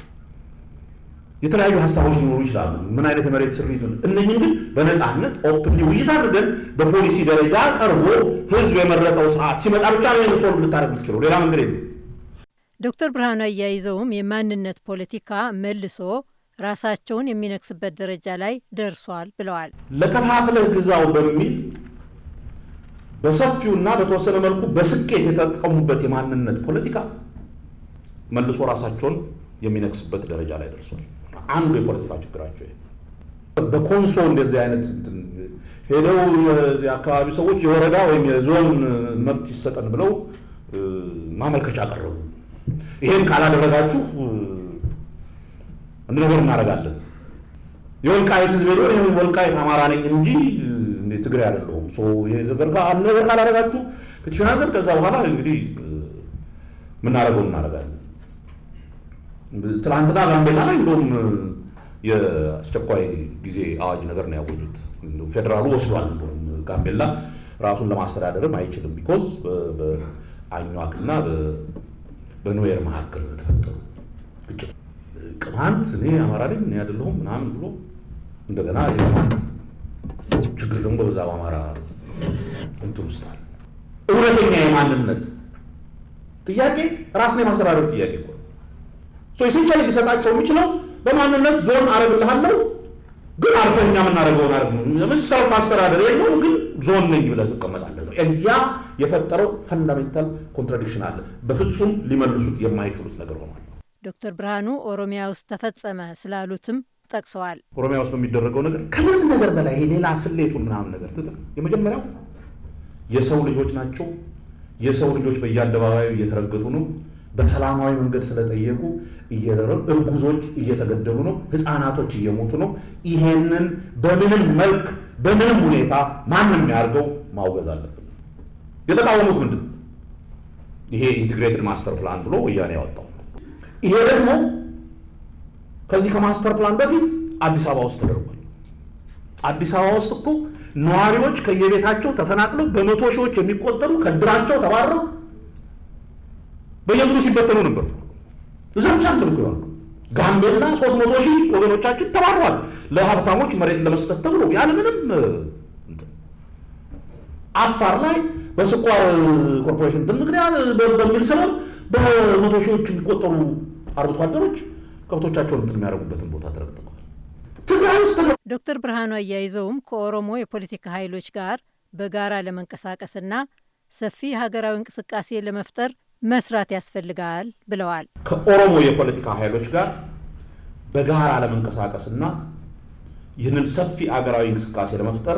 የተለያዩ ሀሳቦች ሊኖሩ ይችላሉ። ምን አይነት የመሬት ስሪቱ እነኝም ግን በነፃነት ኦፕን ውይይት አድርገን በፖሊሲ ደረጃ ቀርቦ ህዝብ የመረጠው ስርዓት ሲመጣ ብቻ ነው ሶልቭ ልታደርግ ትችለው። ሌላ መንገድ የለም። ዶክተር ብርሃኑ አያይዘውም የማንነት ፖለቲካ መልሶ ራሳቸውን የሚነክስበት ደረጃ ላይ ደርሷል ብለዋል። ለከፋፍለህ ግዛው በሚል በሰፊውና በተወሰነ መልኩ በስኬት የተጠቀሙበት የማንነት ፖለቲካ መልሶ ራሳቸውን የሚነክስበት ደረጃ ላይ ደርሷል። አንዱ የፖለቲካ ችግራቸው በኮንሶ እንደዚህ አይነት ሄደው የአካባቢ ሰዎች የወረዳ ወይም የዞን መብት ይሰጠን ብለው ማመልከቻ ቀረቡ። ይሄን ካላደረጋችሁ እንድነገር ነገር እናደርጋለን። የወልቃይት ህዝብ ወልቃይት አማራ ነኝ እንጂ ትግራይ አይደለሁም። ይሄ ነገር ጋር አንድ ነገር ካላደረጋችሁ ፔቲሽን ከዛ በኋላ እንግዲህ የምናደርገው እናደርጋለን። ትናንትና ጋምቤላ ላይ እንደውም የአስቸኳይ ጊዜ አዋጅ ነገር ነው ያወጁት። ፌዴራሉ ወስዷል። ጋምቤላ ራሱን ለማስተዳደርም አይችልም። ቢኮዝ በአኟክና በኑዌር መካከል ተፈጠሩ ግጭት ቅማንት እኔ አማራ ነኝ እኔ አይደለሁም ምናምን ብሎ እንደገና ቅማንት ችግር ደግሞ በዛ በአማራ እንትን ውስጥ አለ። እውነተኛ የማንነት ጥያቄ ራስን የማስተዳደር ጥያቄ እኮ ሶ ኢሴንሻሊ ሊሰጣቸው የሚችለው በማንነት ዞን አረግልሃለሁ ግን አልፈህ እኛ የምናደርገውን አረግ ሰልፍ አስተዳደር የለውም ግን ዞን ነኝ ብለህ ትቀመጣለህ ነው። ያ የፈጠረው ፈንዳሜንታል ኮንትራዲክሽን አለ። በፍጹም ሊመልሱት የማይችሉት ነገር ሆኗል። ዶክተር ብርሃኑ ኦሮሚያ ውስጥ ተፈጸመ ስላሉትም ጠቅሰዋል። ኦሮሚያ ውስጥ በሚደረገው ነገር ከማን ነገር በላይ ሌላ ስሌቱ ምናምን ነገር ትጥ የመጀመሪያው የሰው ልጆች ናቸው። የሰው ልጆች በየአደባባዩ እየተረገጡ ነው። በሰላማዊ መንገድ ስለጠየቁ እርጉዞች እየተገደሉ ነው። ህፃናቶች እየሞቱ ነው። ይሄንን በምንም መልክ በምንም ሁኔታ ማንም የሚያደርገው ማውገዝ አለብን። የተቃወሙት ምንድን ይሄ ኢንቴግሬትድ ማስተር ፕላን ብሎ ወያኔ ያወጣው ይሄ ደግሞ ከዚህ ከማስተር ፕላን በፊት አዲስ አበባ ውስጥ ተደርጓል። አዲስ አበባ ውስጥ እኮ ነዋሪዎች ከየቤታቸው ተፈናቅለው በመቶ ሺዎች የሚቆጠሩ ከድራቸው ተባረው በየግሩ ሲበተኑ ነበሩ። ዘርቻ አድርገዋል። ጋምቤላ ሶስት መቶ ሺህ ወገኖቻችን ተባረዋል። ለሀብታሞች መሬት ለመስጠት ተብሎ ያለምንም አፋር ላይ በስኳር ኮርፖሬሽን ምክንያት በሚል ሰበብ በመቶ ሺዎች የሚቆጠሩ አርብቶ አደሮች ከብቶቻቸውን እንትን የሚያደርጉበትን ቦታ ተረግጠዋል። ዶክተር ብርሃኑ አያይዘውም ከኦሮሞ የፖለቲካ ኃይሎች ጋር በጋራ ለመንቀሳቀስና ሰፊ ሀገራዊ እንቅስቃሴ ለመፍጠር መስራት ያስፈልጋል ብለዋል። ከኦሮሞ የፖለቲካ ኃይሎች ጋር በጋራ ለመንቀሳቀስና ይህንን ሰፊ አገራዊ እንቅስቃሴ ለመፍጠር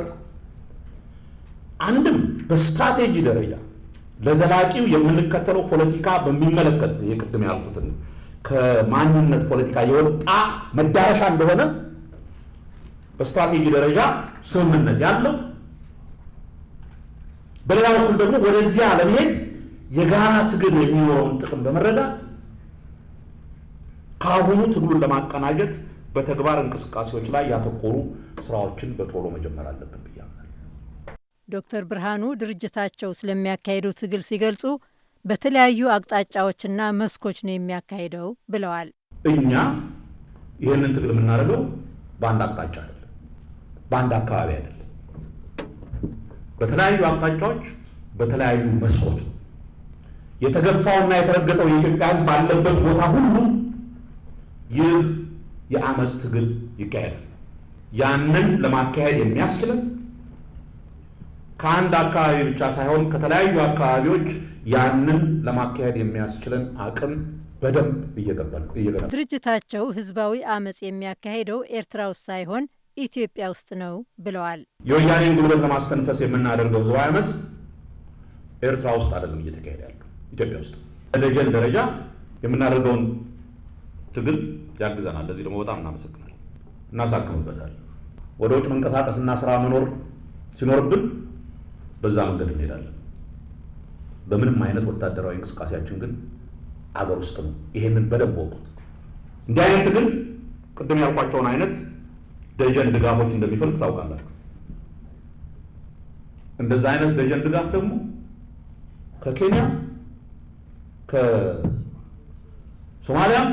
አንድም በስትራቴጂ ደረጃ ለዘላቂው የምንከተለው ፖለቲካ በሚመለከት የቅድም ያልኩትን ከማንነት ፖለቲካ የወጣ መዳረሻ እንደሆነ በስትራቴጂ ደረጃ ስምምነት ያለው በሌላ በኩል ደግሞ ወደዚያ ለመሄድ የጋራ ትግል የሚኖረውን ጥቅም በመረዳት ከአሁኑ ትግሉን ለማቀናጀት በተግባር እንቅስቃሴዎች ላይ ያተኮሩ ስራዎችን በቶሎ መጀመር አለብን ብያምናል። ዶክተር ብርሃኑ ድርጅታቸው ስለሚያካሄደው ትግል ሲገልጹ በተለያዩ አቅጣጫዎችና መስኮች ነው የሚያካሂደው ብለዋል። እኛ ይህንን ትግል የምናደርገው በአንድ አቅጣጫ አይደለም፣ በአንድ አካባቢ አይደለም፣ በተለያዩ አቅጣጫዎች በተለያዩ መስኮች የተገፋውና የተረገጠው የኢትዮጵያ ሕዝብ ባለበት ቦታ ሁሉ ይህ የአመፅ ትግል ይካሄዳል። ያንን ለማካሄድ የሚያስችለን ከአንድ አካባቢ ብቻ ሳይሆን ከተለያዩ አካባቢዎች ያንን ለማካሄድ የሚያስችለን አቅም በደንብ እየገባል። ድርጅታቸው ህዝባዊ አመፅ የሚያካሄደው ኤርትራ ውስጥ ሳይሆን ኢትዮጵያ ውስጥ ነው ብለዋል። የወያኔን ጉልበት ለማስተንፈስ የምናደርገው ህዝባዊ አመፅ ኤርትራ ውስጥ አይደለም እየተካሄደ ያለው ኢትዮጵያ ውስጥ በደጀን ደረጃ የምናደርገውን ትግል ያግዘናል። ለዚህ ደግሞ በጣም እናመሰግናል፣ እናሳክምበታል። ወደ ውጭ መንቀሳቀስና ስራ መኖር ሲኖርብን በዛ መንገድ እንሄዳለን። በምንም አይነት ወታደራዊ እንቅስቃሴያችን ግን አገር ውስጥ ነው። ይሄንን በደንብ ወቁት። እንዲህ አይነት ግን ቅድም ያልኳቸውን አይነት ደጀን ድጋፎች እንደሚፈልግ ታውቃላችሁ። እንደዛ አይነት ደጀን ድጋፍ ደግሞ ከኬንያ ከሶማሊያም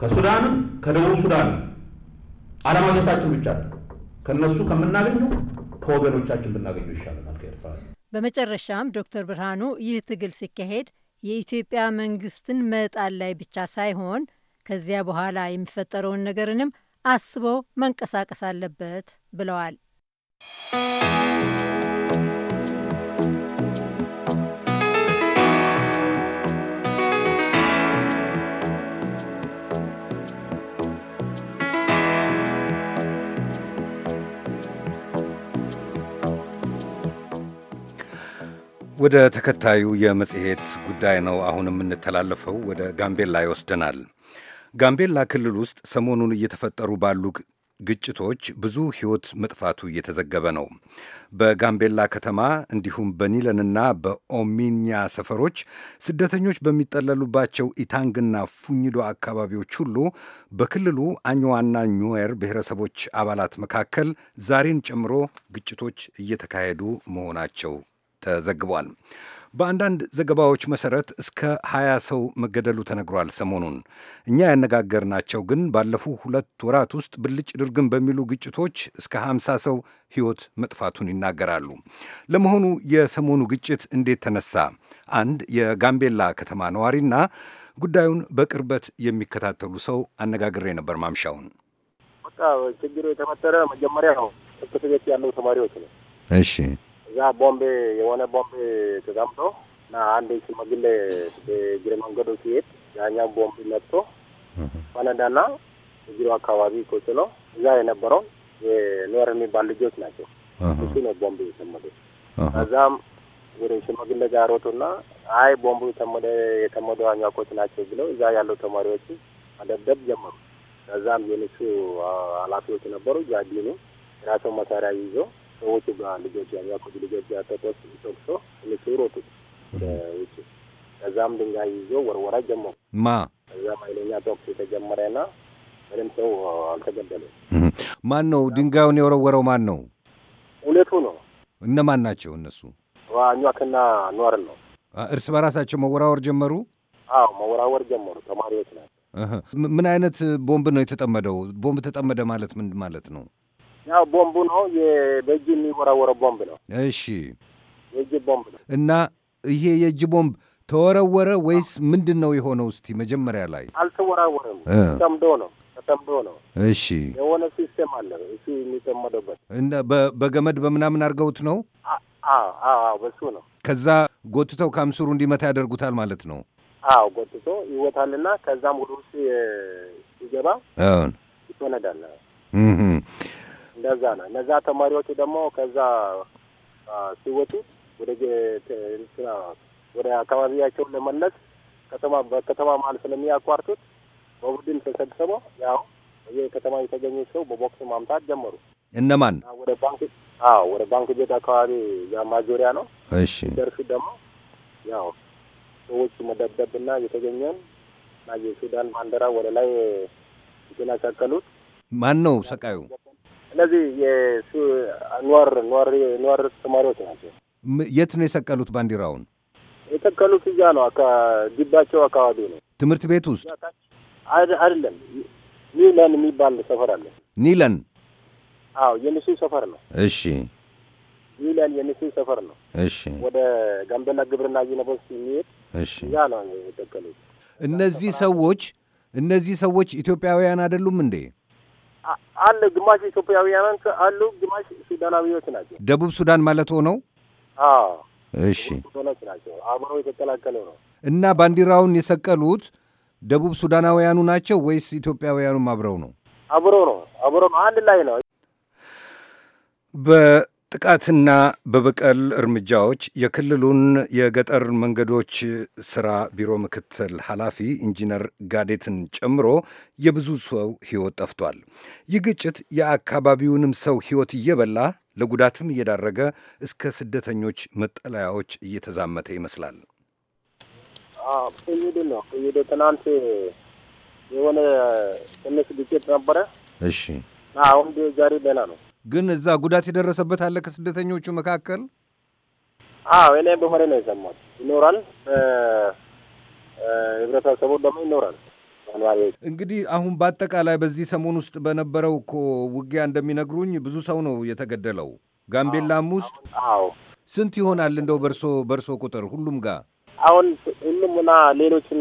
ከሱዳንም ከደቡብ ሱዳንም አለማግኘታችን ብቻ ከነሱ ከምናገኘው ከወገኖቻችን ብናገኘው ይሻለናል ከኤርትራ በመጨረሻም ዶክተር ብርሃኑ ይህ ትግል ሲካሄድ የኢትዮጵያ መንግስትን መጣል ላይ ብቻ ሳይሆን ከዚያ በኋላ የሚፈጠረውን ነገርንም አስበው መንቀሳቀስ አለበት ብለዋል። ወደ ተከታዩ የመጽሔት ጉዳይ ነው አሁን የምንተላለፈው። ወደ ጋምቤላ ይወስደናል። ጋምቤላ ክልል ውስጥ ሰሞኑን እየተፈጠሩ ባሉ ግጭቶች ብዙ ሕይወት መጥፋቱ እየተዘገበ ነው። በጋምቤላ ከተማ እንዲሁም በኒለንና በኦሚኛ ሰፈሮች ስደተኞች በሚጠለሉባቸው ኢታንግና ፉኝዶ አካባቢዎች ሁሉ በክልሉ አኝዋና ኙዌር ብሔረሰቦች አባላት መካከል ዛሬን ጨምሮ ግጭቶች እየተካሄዱ መሆናቸው ተዘግቧል። በአንዳንድ ዘገባዎች መሰረት እስከ 20 ሰው መገደሉ ተነግሯል። ሰሞኑን እኛ ያነጋገርናቸው ግን ባለፉ ሁለት ወራት ውስጥ ብልጭ ድርግም በሚሉ ግጭቶች እስከ 50 ሰው ሕይወት መጥፋቱን ይናገራሉ። ለመሆኑ የሰሞኑ ግጭት እንዴት ተነሳ? አንድ የጋምቤላ ከተማ ነዋሪና ጉዳዩን በቅርበት የሚከታተሉ ሰው አነጋግሬ ነበር። ማምሻውን በቃ ችግሩ የተፈጠረ መጀመሪያ ነው ትምህርት ቤት ያለው ተማሪዎች ነው። እሺ እዛ ቦምቤ የሆነ ቦምቤ ተዛምቶ እና አንድ ሽማግሌ በእግረ መንገዱ ሲሄድ ያኛው ቦምብ መጥቶ ፈነዳና እግሩ አካባቢ ቆስሎ እዛ የነበረው የኖር የሚባል ልጆች ናቸው። እሱ ነው ቦምብ የተመደ። ከዛም ወደ ሽማግሌ ጋር ሮጡና አይ ቦምቡ የተመደ የተመደ ኮች ናቸው ብለው እዛ ያለው ተማሪዎች አደብደብ ጀመሩ። ከዛም የንሱ ኃላፊዎች ነበሩ ጃዲኑ የራሰው መሳሪያ ይዞ ሰዎቹ ጋር ልጆች ያኩት ልጆች ያጠቆት ተኩሶ እነሱ ሮጡት ውጭ። ከዛም ድንጋይ ይዞ ወርወራ ጀመሩ። ማ ከዛም ኃይለኛ ተኩስ የተጀመረና ምንም ሰው አልተገደለም። ማን ነው ድንጋዩን የወረወረው? ማን ነው? ሁለቱ ነው። እነማን ናቸው እነሱ? ኟክና ኗር ነው። እርስ በራሳቸው መወራወር ጀመሩ። አዎ መወራወር ጀመሩ። ተማሪዎች ናቸው። ምን አይነት ቦምብ ነው የተጠመደው? ቦምብ ተጠመደ ማለት ምን ማለት ነው? ያው ቦምቡ ነው በእጅ የሚወረወረ ቦምብ ነው። እሺ የእጅ ቦምብ ነው እና ይሄ የእጅ ቦምብ ተወረወረ ወይስ ምንድን ነው የሆነው? እስቲ መጀመሪያ ላይ አልተወራወረም። ተጠምዶ ነው ተጠምዶ ነው። እሺ የሆነ ሲስተም አለ እሱ የሚጠመደበት እና በገመድ በምናምን አድርገውት ነው። አዎ በሱ ነው። ከዛ ጎትተው ካምሱሩ እንዲመታ ያደርጉታል ማለት ነው። አዎ ጎትቶ ይወታልና ከዛም ወደ ውስጥ ይገባ ይፈነዳል። እንደዛ ነው። እነዛ ተማሪዎቹ ደግሞ ከዛ ሲወጡ ወደ ወደ አካባቢያቸውን ለመለስ ከተማ በከተማ መሀል ስለሚያቋርጡት በቡድን ተሰብስበው ያው የከተማ የተገኘ ሰው በቦክስ ማምታት ጀመሩ። እነማን ወደ ባንክ አዎ፣ ወደ ባንክ ቤት አካባቢ ማጆሪያ ነው። እሺ፣ ደርሱ ደግሞ ያው ሰዎች መደብደብና የተገኘን እና የሱዳን ባንዲራ ወደ ላይ እንትን ማን ነው ሰቃዩ? እነዚህ የኗር ኗር ኗር ተማሪዎች ናቸው። የት ነው የሰቀሉት ባንዲራውን? የሰቀሉት እዛ ነው፣ ግቢያቸው አካባቢ ነው። ትምህርት ቤት ውስጥ አይደለም። ኒለን የሚባል ሰፈር አለ። ኒለን? አዎ፣ የንሱ ሰፈር ነው። እሺ። ኒለን የንሱ ሰፈር ነው። እሺ። ወደ ጋምቤላ ግብርና ዩኒቨርሲቲ የሚሄድ እሺ፣ እዚያ ነው የሰቀሉት። እነዚህ ሰዎች እነዚህ ሰዎች ኢትዮጵያውያን አይደሉም እንዴ? አለ። ግማሽ ኢትዮጵያውያን አሉ፣ ግማሽ ሱዳናዊዎች ናቸው። ደቡብ ሱዳን ማለት ሆነው። እሺ፣ አብሮ የተቀላቀለው ነው እና ባንዲራውን የሰቀሉት ደቡብ ሱዳናውያኑ ናቸው ወይስ ኢትዮጵያውያኑም አብረው ነው? አብሮ ነው፣ አብሮ ነው፣ አንድ ላይ ነው። ጥቃትና በበቀል እርምጃዎች የክልሉን የገጠር መንገዶች ስራ ቢሮ ምክትል ኃላፊ ኢንጂነር ጋዴትን ጨምሮ የብዙ ሰው ሕይወት ጠፍቷል። ይህ ግጭት የአካባቢውንም ሰው ሕይወት እየበላ ለጉዳትም እየዳረገ እስከ ስደተኞች መጠለያዎች እየተዛመተ ይመስላል። ነው ትናንት የሆነ ትንሽ ግጭት ነበረ። እሺ፣ አሁን ዛሬ ሌላ ነው። ግን እዛ ጉዳት የደረሰበት አለ ከስደተኞቹ መካከል? አዎ እኔ በሆነ ነው የሰማሁት። ይኖራል፣ ህብረተሰቡ ደግሞ ይኖራል። እንግዲህ አሁን በአጠቃላይ በዚህ ሰሞን ውስጥ በነበረው እኮ ውጊያ እንደሚነግሩኝ ብዙ ሰው ነው የተገደለው ጋምቤላም ውስጥ። አዎ ስንት ይሆናል እንደው በርሶ በርሶ ቁጥር ሁሉም ጋር አሁን ሁሉም እና ሌሎችን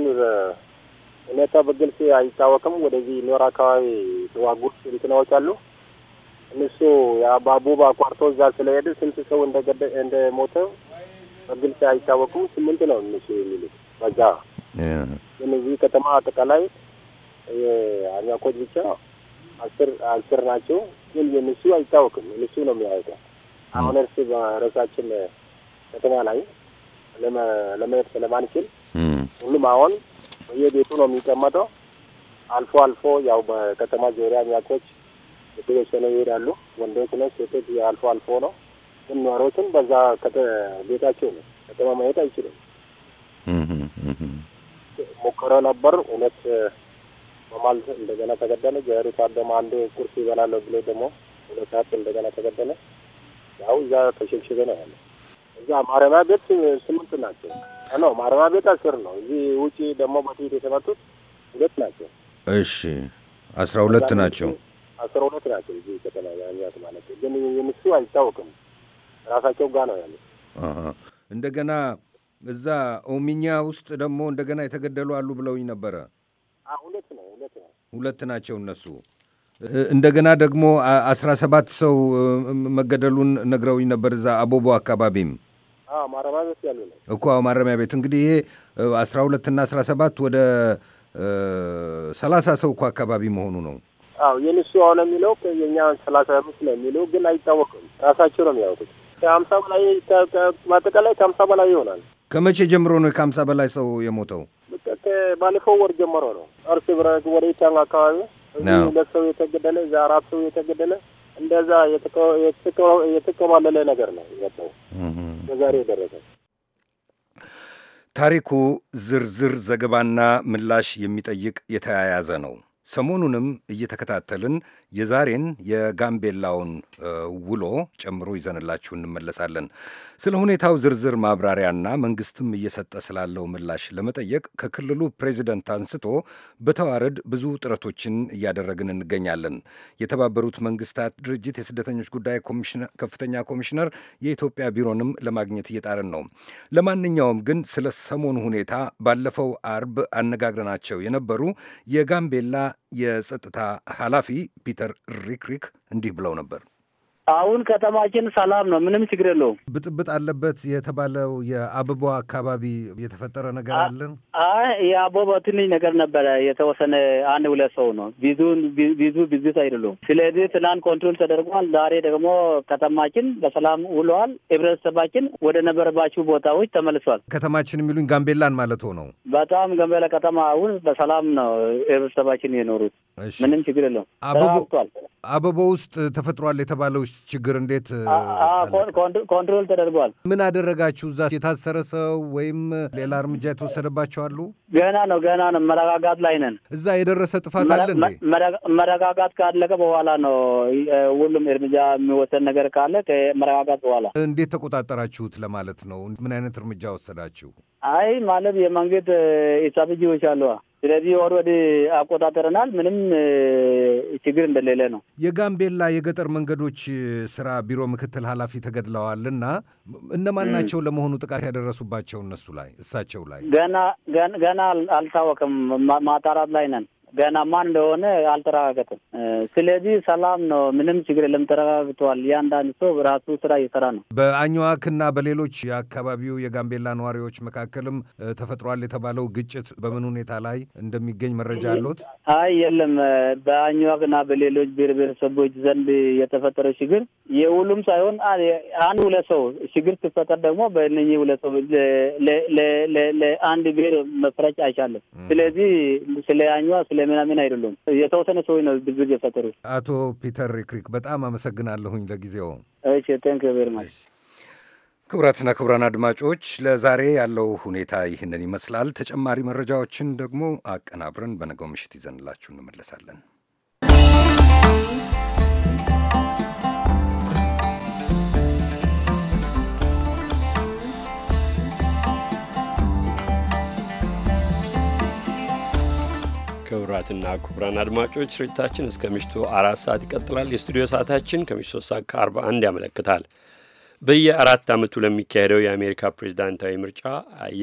ሁኔታ በግልጽ አይታወቅም። ወደዚህ ኖር አካባቢ ተዋጉት እንትናዎች አሉ እነሱ በአቡብ አቋርጦ እዛ ስለሄደ ስንት ሰው እንደገደ እንደሞተ በግልጽ አይታወቁም። ስምንት ነው እነሱ የሚሉት በዛ ግን እዚህ ከተማ አጠቃላይ አኛኮች ብቻ አስር አስር ናቸው። ግን የእነሱ አይታወቅም። እነሱ ነው የሚያወቀው። አሁን እርስ በራሳችን ከተማ ላይ ለመሄድ ስለማንችል ሁሉም አሁን በየቤቱ ነው የሚቀመጠው። አልፎ አልፎ ያው በከተማ ዙሪያ አኛኮች የተወሰነው ይሄዳሉ። ወንዶች ነው፣ ሴቶች አልፎ አልፎ ነው። ግን ነዋሪዎችን በዛ ቤታቸው ነው ከተማ ማየት አይችልም። ሞከረ ነበር እውነት በማል እንደገና ተገደለ። ጀሩ ታደማ አንድ ቁርስ ይበላለሁ ብሎ ደግሞ ሁለት ሰዓት እንደገና ተገደለ። ያው እዛ ተሸግሸገ ነው ያለ። እዛ ማረሚያ ቤት ስምንት ናቸው ነው ማረሚያ ቤት አስር ነው። እዚህ ውጪ ደግሞ በፊት የተመቱት ሁለት ናቸው። እሺ አስራ ሁለት ናቸው። አስራ ሁለት ናቸው እዚህ ከተማ ያሉት ማለት ነው። ግን የምሱ አይታወቅም ራሳቸው ጋር ነው ያሉት። እንደገና እዛ ኦሚኛ ውስጥ ደግሞ እንደገና የተገደሉ አሉ ብለውኝ ነበረ። ሁለት ነው ሁለት ነው ሁለት ናቸው እነሱ። እንደገና ደግሞ አስራ ሰባት ሰው መገደሉን ነግረውኝ ነበር። እዛ አቦቦ አካባቢም ማረሚያ ቤት ያሉ ነው እኮ ማረሚያ ቤት እንግዲህ ይሄ አስራ ሁለትና አስራ ሰባት ወደ ሰላሳ ሰው እኮ አካባቢ መሆኑ ነው አዎ የእነሱ ነው የሚለው የእኛን ሰላሳ አምስት ነው የሚለው ግን አይታወቅም። ራሳቸው ነው የሚያውቁት። ከሀምሳ በላይ በአጠቃላይ ከሀምሳ በላይ ይሆናል። ከመቼ ጀምሮ ነው ከሀምሳ በላይ ሰው የሞተው? ባለፈው ወር ጀምሮ ነው። እርስ ብረት ወደ ኢታንግ አካባቢ ሁለት ሰው የተገደለ እዛ አራት ሰው የተገደለ እንደዛ የተቀባለለ ነገር ነው የመጣው በዛሬ የደረሰ ታሪኩ ዝርዝር ዘገባና ምላሽ የሚጠይቅ የተያያዘ ነው። ሰሞኑንም እየተከታተልን የዛሬን የጋምቤላውን ውሎ ጨምሮ ይዘንላችሁ እንመለሳለን። ስለ ሁኔታው ዝርዝር ማብራሪያና መንግስትም እየሰጠ ስላለው ምላሽ ለመጠየቅ ከክልሉ ፕሬዚደንት አንስቶ በተዋረድ ብዙ ጥረቶችን እያደረግን እንገኛለን። የተባበሩት መንግስታት ድርጅት የስደተኞች ጉዳይ ከፍተኛ ኮሚሽነር የኢትዮጵያ ቢሮንም ለማግኘት እየጣርን ነው። ለማንኛውም ግን ስለ ሰሞኑ ሁኔታ ባለፈው አርብ አነጋግረናቸው የነበሩ የጋምቤላ የጸጥታ ኃላፊ ፒተር ሪክሪክ እንዲህ ብለው ነበር። አሁን ከተማችን ሰላም ነው፣ ምንም ችግር የለውም። ብጥብጥ አለበት የተባለው የአበቦ አካባቢ የተፈጠረ ነገር አለ አይ የአበቦ ትንሽ ነገር ነበረ፣ የተወሰነ አንድ ሁለት ሰው ነው፣ ብዙ ብዙ ብዙት አይደሉም። ስለዚህ ትናንት ኮንትሮል ተደርጓል። ዛሬ ደግሞ ከተማችን በሰላም ውለዋል። ህብረተሰባችን ወደ ነበረባቸው ቦታዎች ተመልሷል። ከተማችን የሚሉኝ ጋምቤላን ማለት ነው። በጣም ጋምቤላ ከተማ አሁን በሰላም ነው ህብረተሰባችን የኖሩት። ምንም ችግር የለውም። አበቦ ውስጥ ተፈጥሯል የተባለው ችግር እንዴት ኮንትሮል ተደርጓል? ምን አደረጋችሁ? እዛ የታሰረ ሰው ወይም ሌላ እርምጃ የተወሰደባቸው አሉ? ገና ነው ገና ነው። መረጋጋት ላይ ነን። እዛ የደረሰ ጥፋት አለ መረጋጋት ካለቀ በኋላ ነው ሁሉም እርምጃ የሚወሰድ ነገር ካለ መረጋጋት በኋላ። እንዴት ተቆጣጠራችሁት ለማለት ነው። ምን አይነት እርምጃ ወሰዳችሁ? አይ ማለት የመንገድ ኢሳብ ጅዎች አለዋ ስለዚህ ኦልሬዲ አቆጣጠረናል። ምንም ችግር እንደሌለ ነው። የጋምቤላ የገጠር መንገዶች ስራ ቢሮ ምክትል ኃላፊ ተገድለዋል እና እነማን ናቸው ለመሆኑ ጥቃት ያደረሱባቸው እነሱ ላይ እሳቸው ላይ ገና ገና አልታወቅም። ማጣራት ላይ ነን። ገና ማን እንደሆነ አልተረጋገጠም። ስለዚህ ሰላም ነው፣ ምንም ችግር የለም፣ ተረጋግተዋል። እያንዳንድ ሰው ራሱ ስራ እየሰራ ነው። በአኝዋክና በሌሎች የአካባቢው የጋምቤላ ነዋሪዎች መካከልም ተፈጥሯል የተባለው ግጭት በምን ሁኔታ ላይ እንደሚገኝ መረጃ አሉት? አይ የለም። በአኝዋክና በሌሎች ብሔር ብሔረሰቦች ዘንድ የተፈጠረ ችግር የሁሉም ሳይሆን አንድ ሁለት ሰው ችግር ሲፈጠር ደግሞ በእነኚህ ሁለት ሰው ለአንድ ብሔር መፍረጭ አይቻለም። ስለዚህ ስለ አኝዋ ስለ ምናምን አይደሉም። የተወሰነ ሰዎች ነው ብዙ የፈጠሩ። አቶ ፒተር ሪክሪክ በጣም አመሰግናለሁኝ ለጊዜው። እሺ ቴንክ ቬሪ ማች። ክቡራትና ክቡራን አድማጮች ለዛሬ ያለው ሁኔታ ይህንን ይመስላል። ተጨማሪ መረጃዎችን ደግሞ አቀናብረን በነገው ምሽት ይዘንላችሁ እንመለሳለን። ክቡራትና ክቡራን አድማጮች ስርጭታችን እስከ ምሽቱ አራት ሰዓት ይቀጥላል። የስቱዲዮ ሰዓታችን ከምሽቱ ሶስት ሰዓት ከአርባ አንድ ያመለክታል። በየአራት ዓመቱ ለሚካሄደው የአሜሪካ ፕሬዚዳንታዊ ምርጫ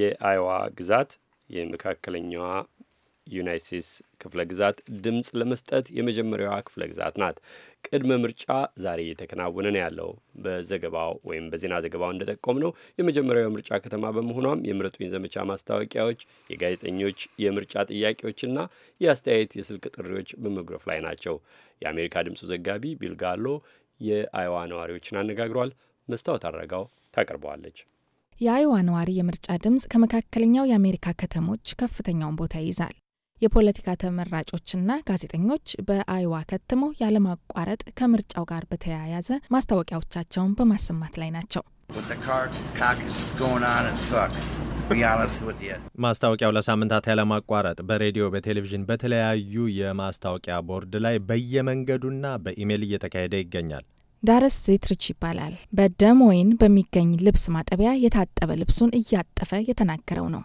የአይዋ ግዛት የመካከለኛዋ ዩናይት ስቴትስ ክፍለ ግዛት ድምፅ ለመስጠት የመጀመሪያዋ ክፍለ ግዛት ናት። ቅድመ ምርጫ ዛሬ እየተከናወነ ነው ያለው። በዘገባው ወይም በዜና ዘገባው እንደጠቆም ነው የመጀመሪያው ምርጫ ከተማ በመሆኗም የምረጡኝ ዘመቻ ማስታወቂያዎች፣ የጋዜጠኞች የምርጫ ጥያቄዎችና የአስተያየት የስልክ ጥሪዎች በመጉረፍ ላይ ናቸው። የአሜሪካ ድምፁ ዘጋቢ ቢልጋሎ የአይዋ ነዋሪዎችን አነጋግሯል። መስታወት አድረጋው ታቀርበዋለች። የአይዋ ነዋሪ የምርጫ ድምፅ ከመካከለኛው የአሜሪካ ከተሞች ከፍተኛውን ቦታ ይይዛል። የፖለቲካ ተመራጮችና ጋዜጠኞች በአይዋ ከትመው ያለማቋረጥ ከምርጫው ጋር በተያያዘ ማስታወቂያዎቻቸውን በማሰማት ላይ ናቸው። ማስታወቂያው ለሳምንታት ያለማቋረጥ በሬዲዮ፣ በቴሌቪዥን፣ በተለያዩ የማስታወቂያ ቦርድ ላይ በየመንገዱና በኢሜይል እየተካሄደ ይገኛል። ዳረስ ዜትሪች ይባላል። በደሞይን በሚገኝ ልብስ ማጠቢያ የታጠበ ልብሱን እያጠፈ የተናገረው ነው።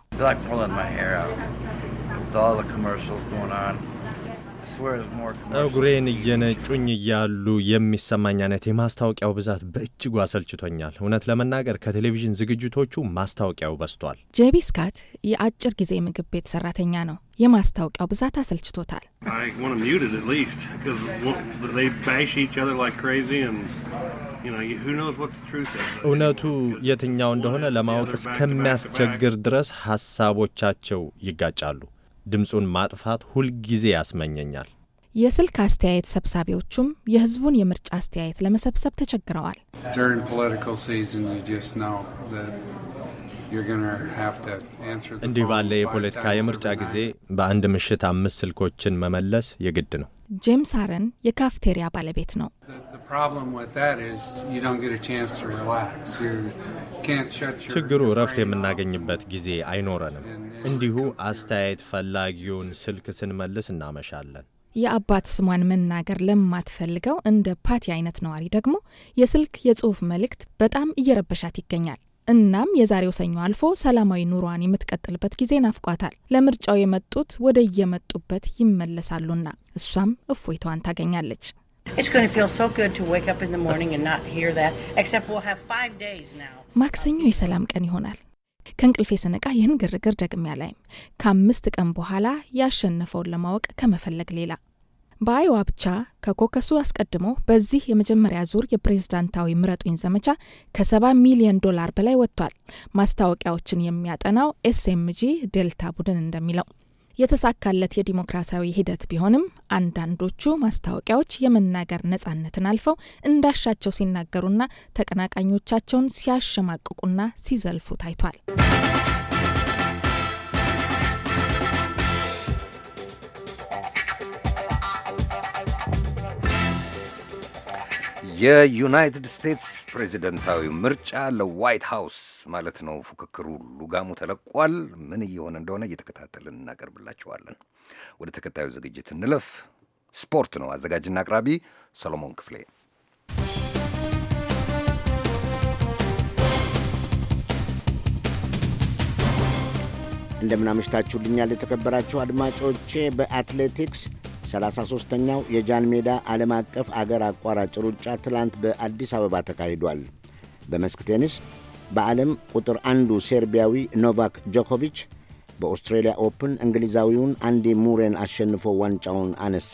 ጸጉሬን እየነጩኝ እያሉ የሚሰማኝ አይነት የማስታወቂያው ብዛት በእጅጉ አሰልችቶኛል። እውነት ለመናገር ከቴሌቪዥን ዝግጅቶቹ ማስታወቂያው በዝቷል። ጄቢ ስካት የአጭር ጊዜ ምግብ ቤት ሰራተኛ ነው። የማስታወቂያው ብዛት አሰልችቶታል። እውነቱ የትኛው እንደሆነ ለማወቅ እስከሚያስቸግር ድረስ ሀሳቦቻቸው ይጋጫሉ። ድምፁን ማጥፋት ሁልጊዜ ያስመኘኛል። የስልክ አስተያየት ሰብሳቢዎቹም የህዝቡን የምርጫ አስተያየት ለመሰብሰብ ተቸግረዋል። እንዲህ ባለ የፖለቲካ የምርጫ ጊዜ በአንድ ምሽት አምስት ስልኮችን መመለስ የግድ ነው። ጄምስ አረን የካፍቴሪያ ባለቤት ነው። ችግሩ እረፍት የምናገኝበት ጊዜ አይኖረንም። እንዲሁ አስተያየት ፈላጊውን ስልክ ስንመልስ እናመሻለን። የአባት ስሟን መናገር ለማትፈልገው እንደ ፓቲ አይነት ነዋሪ ደግሞ የስልክ የጽሑፍ መልእክት በጣም እየረበሻት ይገኛል። እናም የዛሬው ሰኞ አልፎ ሰላማዊ ኑሯን የምትቀጥልበት ጊዜ ናፍቋታል። ለምርጫው የመጡት ወደ የመጡበት ይመለሳሉና እሷም እፎይታዋን ታገኛለች። ማክሰኞ የሰላም ቀን ይሆናል። ከእንቅልፌ ስነቃ ይህን ግርግር ደግሜ አላይም። ከአምስት ቀን በኋላ ያሸነፈውን ለማወቅ ከመፈለግ ሌላ በአይዋ ብቻ ከኮከሱ አስቀድሞ በዚህ የመጀመሪያ ዙር የፕሬዝዳንታዊ ምረጡኝ ዘመቻ ከ ሚሊዮን ዶላር በላይ ወጥቷል። ማስታወቂያዎችን የሚያጠናው ኤስኤምጂ ዴልታ ቡድን እንደሚለው የተሳካለት የዲሞክራሲያዊ ሂደት ቢሆንም አንዳንዶቹ ማስታወቂያዎች የመናገር ነጻነትን አልፈው እንዳሻቸው ሲናገሩና ተቀናቃኞቻቸውን ሲያሸማቅቁና ሲዘልፉ ታይቷል። የዩናይትድ ስቴትስ ፕሬዚደንታዊ ምርጫ ለዋይት ሃውስ ማለት ነው ፉክክሩ ሉጋሙ ተለቋል። ምን እየሆነ እንደሆነ እየተከታተልን እናቀርብላችኋለን። ወደ ተከታዩ ዝግጅት እንለፍ። ስፖርት ነው። አዘጋጅና አቅራቢ ሰሎሞን ክፍሌ። እንደምናመሽታችሁልኛል የተከበራችሁ አድማጮቼ። በአትሌቲክስ 33ኛው የጃን ሜዳ ዓለም አቀፍ አገር አቋራጭ ሩጫ ትላንት በአዲስ አበባ ተካሂዷል። በመስክ ቴኒስ በዓለም ቁጥር አንዱ ሴርቢያዊ ኖቫክ ጆኮቪች በኦስትሬሊያ ኦፕን እንግሊዛዊውን አንዲ ሙሬን አሸንፎ ዋንጫውን አነሳ።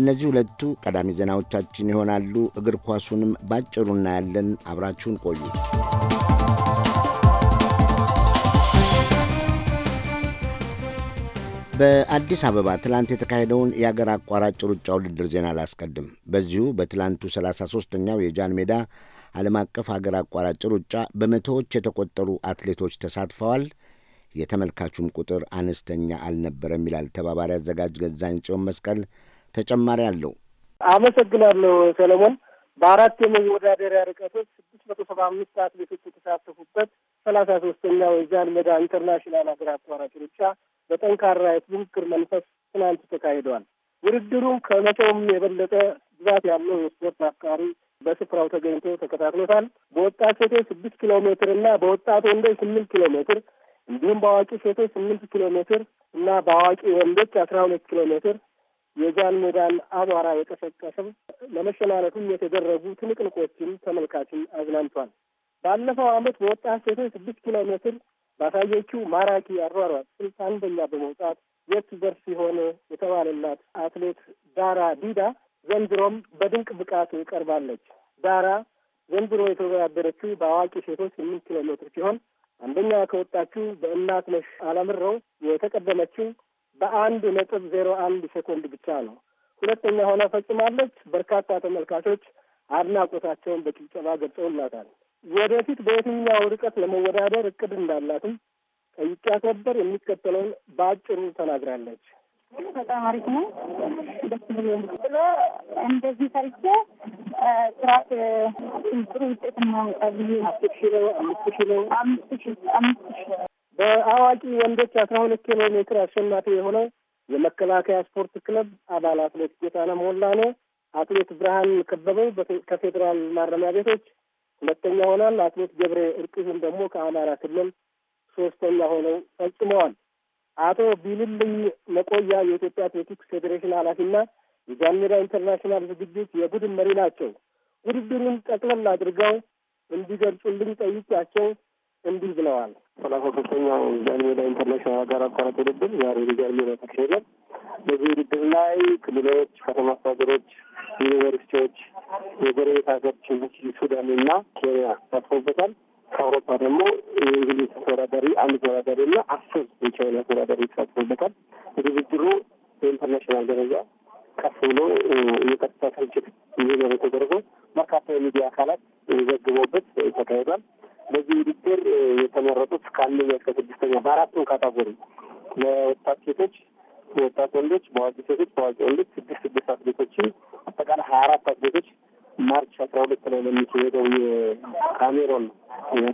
እነዚህ ሁለቱ ቀዳሚ ዜናዎቻችን ይሆናሉ። እግር ኳሱንም ባጭሩ እናያለን። አብራችሁን ቆዩ። በአዲስ አበባ ትላንት የተካሄደውን የአገር አቋራጭ ሩጫ ውድድር ዜና አላስቀድም። በዚሁ በትላንቱ 33ኛው የጃን ሜዳ ዓለም አቀፍ አገር አቋራጭ ሩጫ በመቶዎች የተቆጠሩ አትሌቶች ተሳትፈዋል። የተመልካቹም ቁጥር አነስተኛ አልነበረም ይላል ተባባሪ አዘጋጅ ገዛኝ ጽዮን መስቀል። ተጨማሪ አለው። አመሰግናለሁ ሰለሞን። በአራት የመወዳደሪያ ርቀቶች ስድስት መቶ ሰባ አምስት አትሌቶች የተሳተፉበት ሰላሳ ሶስተኛው የጃን ሜዳ ኢንተርናሽናል ሀገር አቋራጭ ሩጫ በጠንካራ የፉክክር መንፈስ ትናንት ተካሂደዋል። ውድድሩም ከመቼውም የበለጠ ብዛት ያለው የስፖርት አፍቃሪ በስፍራው ተገኝቶ ተከታትሎታል። በወጣት ሴቶች ስድስት ኪሎ ሜትር እና በወጣት ወንዶች ስምንት ኪሎ ሜትር እንዲሁም በአዋቂ ሴቶች ስምንት ኪሎ ሜትር እና በአዋቂ ወንዶች አስራ ሁለት ኪሎ ሜትር የጃን ሜዳን አቧራ የቀሰቀሰው ለመሸናነቱም የተደረጉ ትንቅንቆችን ተመልካችን አዝናንቷል። ባለፈው ዓመት በወጣት ሴቶች ስድስት ኪሎ ሜትር ባሳየችው ማራኪ አሯሯጥ ስልሳ አንደኛ በመውጣት የት ዘርፍ የሆነ የተባለላት አትሌት ዳራ ዲዳ ዘንድሮም በድንቅ ብቃት ቀርባለች። ዳራ ዘንድሮ የተወዳደረችው በአዋቂ ሴቶች ስምንት ኪሎ ሜትር ሲሆን አንደኛ ከወጣችው በእናት ነሽ አለምረው የተቀደመችው በአንድ ነጥብ ዜሮ አንድ ሴኮንድ ብቻ ነው። ሁለተኛ ሆና ፈጽማለች። በርካታ ተመልካቾች አድናቆታቸውን በጭብጨባ ገልጸውላታል። ወደፊት በየትኛው ርቀት ለመወዳደር እቅድ እንዳላትም ጠይቄ ነበር። የሚከተለውን በአጭሩ ተናግራለች። በጣም አሪፍ ነው። ደስ ብሎ እንደዚህ ሰርቼ ጥራት ጥሩ ውጤት ማወጣል አምስት ሺ ነው አምስት ሺ ነው አምስት ሺ አምስት ሺ በአዋቂ ወንዶች አስራ ሁለት ኪሎ ሜትር አሸናፊ የሆነው የመከላከያ ስፖርት ክለብ አባል አትሌት ጌታነ ሞላ ነው። አትሌት ብርሃን ከበበው ከፌዴራል ማረሚያ ቤቶች ሁለተኛ ሆናል። አትሌት ገብሬ እርቅህን ደግሞ ከአማራ ክልል ሶስተኛ ሆነው ፈጽመዋል። አቶ ቢልልኝ መቆያ የኢትዮጵያ አትሌቲክስ ፌዴሬሽን ኃላፊና የጃንሜዳ ኢንተርናሽናል ዝግጅት የቡድን መሪ ናቸው። ውድድሩን ጠቅለል አድርገው እንዲገልጹልኝ ጠይቄያቸው እንዲህ ብለዋል። ሰላሳ ሶስተኛው ጃን ኢንተርናሽናል ሀገር አቋራጭ ውድድር ዛሬ ሊጃን ሜዳ ተካሂዷል። በዚህ ውድድር ላይ ክልሎች፣ ከተማ አስተዳደሮች፣ ዩኒቨርሲቲዎች፣ የጎረቤት ሀገር ሀገሮች ሱዳን እና ኬንያ ተሳትፎበታል። ከአውሮፓ ደግሞ የእንግሊዝ ተወዳዳሪ አንድ ተወዳዳሪ እና አስር የቻይና ተወዳዳሪ ተሳትፎበታል። ውድድሩ በኢንተርናሽናል ደረጃ ከፍ ብሎ የቀጥታ ስርጭት እንዲኖረ ተደርጎ በርካታ የሚዲያ አካላት ዘግቦበት ተካሂዷል። በዚህ ውድድር የተመረጡት ከአንደኛ እስከ ስድስተኛ በአራቱን ካታጎሪ ለወጣት ሴቶች፣ ወጣት ወንዶች፣ በአዋቂ ሴቶች፣ በአዋቂ ወንዶች ስድስት ስድስት አትሌቶችን አጠቃላይ ሀያ አራት አትሌቶች ማርች አስራ ሁለት ላይ ለሚካሄደው የካሜሮን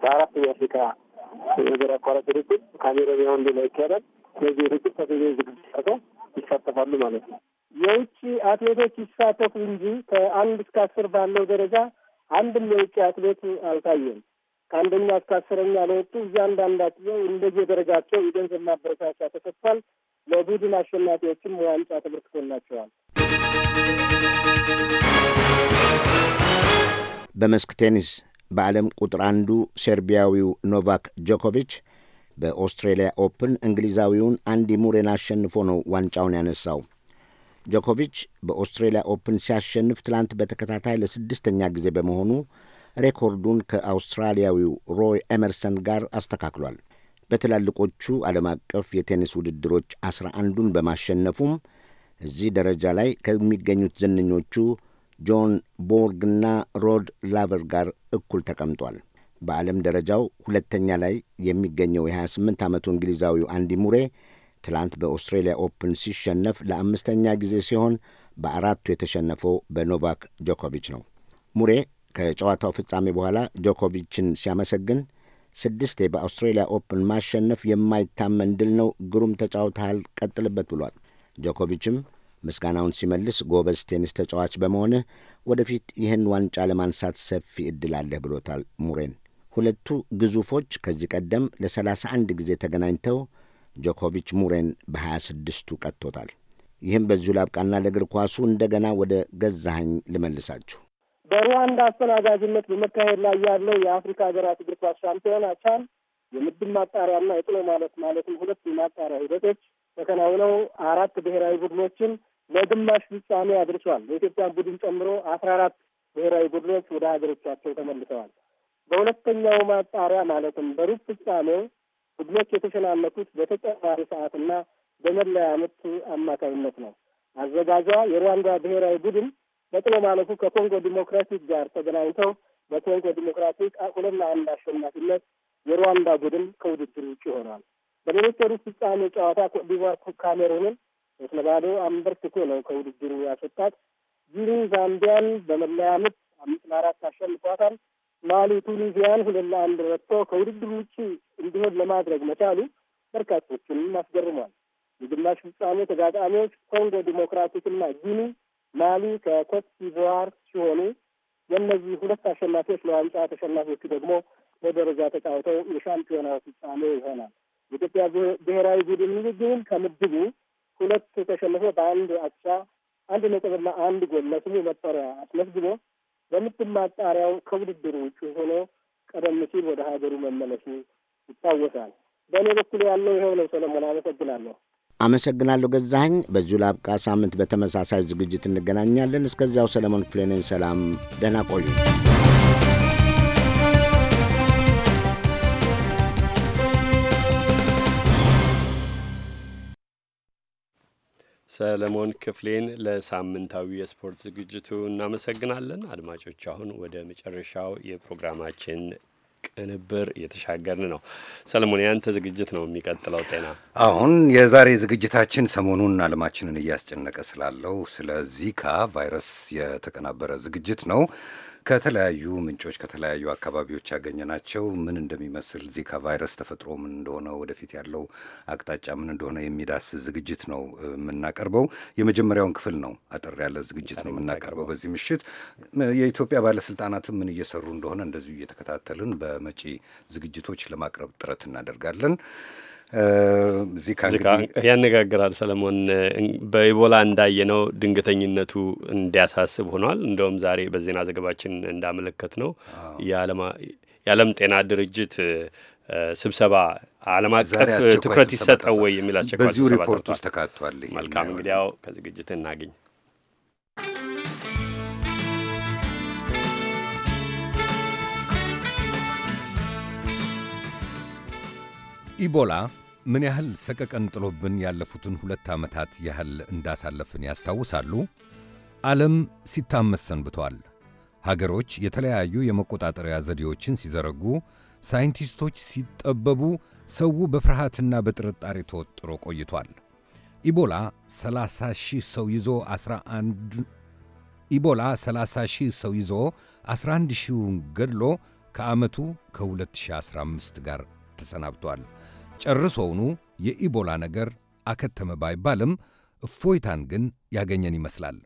በአራተኛ አፍሪካ ሀገር አቋራጭ ውድድር ካሜሮን ያውንዴ ላይ ይካሄዳል። ስለዚህ ውድድር ተገቢ ዝግጅት ሰጠው ይሳተፋሉ ማለት ነው። የውጭ አትሌቶች ይሳተፉ እንጂ ከአንድ እስከ አስር ባለው ደረጃ አንድም የውጭ አትሌት አልታየም። ከአንደኛ እስከ አስረኛ ለወጡ እያንዳንዳቸው እንደየደረጃቸው የገንዘብ ማበረታቻ ተሰጥቷል። ለቡድን አሸናፊዎችም ዋንጫ ተበርክቶላቸዋል። በመስክ ቴኒስ በዓለም ቁጥር አንዱ ሴርቢያዊው ኖቫክ ጆኮቪች በኦስትሬሊያ ኦፕን እንግሊዛዊውን አንዲ ሙሬን አሸንፎ ነው ዋንጫውን ያነሳው። ጆኮቪች በኦስትሬሊያ ኦፕን ሲያሸንፍ ትላንት በተከታታይ ለስድስተኛ ጊዜ በመሆኑ ሬኮርዱን ከአውስትራሊያዊው ሮይ ኤመርሰን ጋር አስተካክሏል። በትላልቆቹ ዓለም አቀፍ የቴኒስ ውድድሮች አስራ አንዱን በማሸነፉም እዚህ ደረጃ ላይ ከሚገኙት ዝነኞቹ ጆን ቦርግና ሮድ ላቨር ጋር እኩል ተቀምጧል። በዓለም ደረጃው ሁለተኛ ላይ የሚገኘው የ28 ዓመቱ እንግሊዛዊው አንዲ ሙሬ ትላንት በኦስትሬሊያ ኦፕን ሲሸነፍ ለአምስተኛ ጊዜ ሲሆን በአራቱ የተሸነፈው በኖቫክ ጆኮቪች ነው። ሙሬ ከጨዋታው ፍጻሜ በኋላ ጆኮቪችን ሲያመሰግን ስድስቴ በአውስትሬሊያ ኦፕን ማሸነፍ የማይታመን ድል ነው፣ ግሩም ተጫውተሃል፣ ቀጥልበት ብሏል። ጆኮቪችም ምስጋናውን ሲመልስ ጎበዝ ቴኒስ ተጫዋች በመሆንህ ወደፊት ይህን ዋንጫ ለማንሳት ሰፊ እድል አለህ ብሎታል ሙሬን። ሁለቱ ግዙፎች ከዚህ ቀደም ለ31 ጊዜ ተገናኝተው ጆኮቪች ሙሬን በ26ቱ ቀጥቶታል። ይህም በዚሁ ላብቃና ለእግር ኳሱ እንደገና ወደ ገዛኸኝ ልመልሳችሁ። በሩዋንዳ አስተናጋጅነት በመካሄድ ላይ ያለው የአፍሪካ ሀገራት እግር ኳስ ሻምፒዮና ቻን የምድብ ማጣሪያና የጥሎ ማለት ማለትም ሁለት የማጣሪያ ሂደቶች ተከናውነው አራት ብሔራዊ ቡድኖችን ለግማሽ ፍጻሜ አድርሷል። የኢትዮጵያን ቡድን ጨምሮ አስራ አራት ብሔራዊ ቡድኖች ወደ ሀገሮቻቸው ተመልሰዋል። በሁለተኛው ማጣሪያ ማለትም በሩብ ፍጻሜው ቡድኖች የተሸላለቁት በተጨማሪ ሰዓትና በመለያ ምት አማካኝነት ነው። አዘጋጇ የሩዋንዳ ብሔራዊ ቡድን በጥሎ ማለፉ ከኮንጎ ዲሞክራቲክ ጋር ተገናኝተው በኮንጎ ዲሞክራቲክ ሁለት ለአንድ አሸናፊነት የሩዋንዳ ቡድን ከውድድር ውጭ ይሆናል። በሌሎች ሩብ ፍጻሜ ጨዋታ ኮትዲቯር ካሜሩንን ሶስት ለባዶ አንበርክኮ ነው ከውድድሩ ያስወጣት። ጊኒ ዛምቢያን በመለያ ምት አምስት ለአራት አሸንፏታል። ማሊ ቱኒዚያን ሁለት ለአንድ ረትቶ ከውድድር ውጭ እንዲሆን ለማድረግ መቻሉ በርካቶችንም አስገርሟል። የግማሽ ፍጻሜ ተጋጣሚዎች ኮንጎ ዲሞክራቲክና ጊኒ፣ ማሊ ከኮት ሲሆኑ የእነዚህ ሁለት አሸናፊዎች ለዋንጫ ተሸናፊዎቹ ደግሞ በደረጃ ተጫውተው የሻምፒዮና ፍጻሜ ይሆናል። የኢትዮጵያ ብሔራዊ ቡድን ግን ከምድቡ ሁለት ተሸንፎ በአንድ አቻ አንድ ነጥብና አንድ ጎል ለስሙ መጠሪያ አስመዝግቦ በምድብ ማጣሪያው ከውድድሩ ውጭ ሆኖ ቀደም ሲል ወደ ሀገሩ መመለሱ ይታወሳል። በእኔ በኩል ያለው ይኸው ነው። ሰለሞን አመሰግናለሁ። አመሰግናለሁ ገዛኸኝ። በዚሁ ላብቃ። ሳምንት በተመሳሳይ ዝግጅት እንገናኛለን። እስከዚያው ሰለሞን ክፍሌ ነኝ። ሰላም፣ ደህና ቆዩ። ሰለሞን ክፍሌን ለሳምንታዊ የስፖርት ዝግጅቱ እናመሰግናለን። አድማጮች አሁን ወደ መጨረሻው የፕሮግራማችን ቅንብር እየተሻገርን ነው። ሰለሞን ያንተ ዝግጅት ነው የሚቀጥለው። ጤና አሁን የዛሬ ዝግጅታችን ሰሞኑን ዓለማችንን እያስጨነቀ ስላለው ስለ ዚካ ቫይረስ የተቀናበረ ዝግጅት ነው። ከተለያዩ ምንጮች ከተለያዩ አካባቢዎች ያገኘናቸው ምን እንደሚመስል ዚካ ቫይረስ ተፈጥሮ ምን እንደሆነ ወደፊት ያለው አቅጣጫ ምን እንደሆነ የሚዳስ ዝግጅት ነው የምናቀርበው። የመጀመሪያውን ክፍል ነው፣ አጠር ያለ ዝግጅት ነው የምናቀርበው በዚህ ምሽት። የኢትዮጵያ ባለስልጣናትም ምን እየሰሩ እንደሆነ እንደዚሁ እየተከታተልን በመጪ ዝግጅቶች ለማቅረብ ጥረት እናደርጋለን። እዚህ ከእንግዲህ ያነጋግራል። ሰለሞን በኢቦላ እንዳየነው ድንገተኝነቱ እንዲያሳስብ ሆኗል። እንደውም ዛሬ በዜና ዘገባችን እንዳመለከት ነው የዓለም ጤና ድርጅት ስብሰባ ዓለም አቀፍ ትኩረት ይሰጠው ወይ የሚል አስቸኳይ በዚሁ ሪፖርት ውስጥ ተካቷል። መልካም እንግዲያው ከዝግጅት እናገኝ ኢቦላ ምን ያህል ሰቀቀን ጥሎብን ያለፉትን ሁለት ዓመታት ያህል እንዳሳለፍን ያስታውሳሉ? ዓለም ሲታመስ ሰንብቷል። ሀገሮች የተለያዩ የመቆጣጠሪያ ዘዴዎችን ሲዘረጉ፣ ሳይንቲስቶች ሲጠበቡ፣ ሰው በፍርሃትና በጥርጣሬ ተወጥሮ ቆይቷል። ኢቦላ 30 ሺህ ሰው ይዞ 11 ኢቦላ 30 ሺህ ሰው ይዞ 11 ሺውን ገድሎ ከዓመቱ ከ2015 ጋር ተሰናብቷል። ጨርሶውኑ የኢቦላ ነገር አከተመ ባይባልም እፎይታን ግን ያገኘን ይመስላል።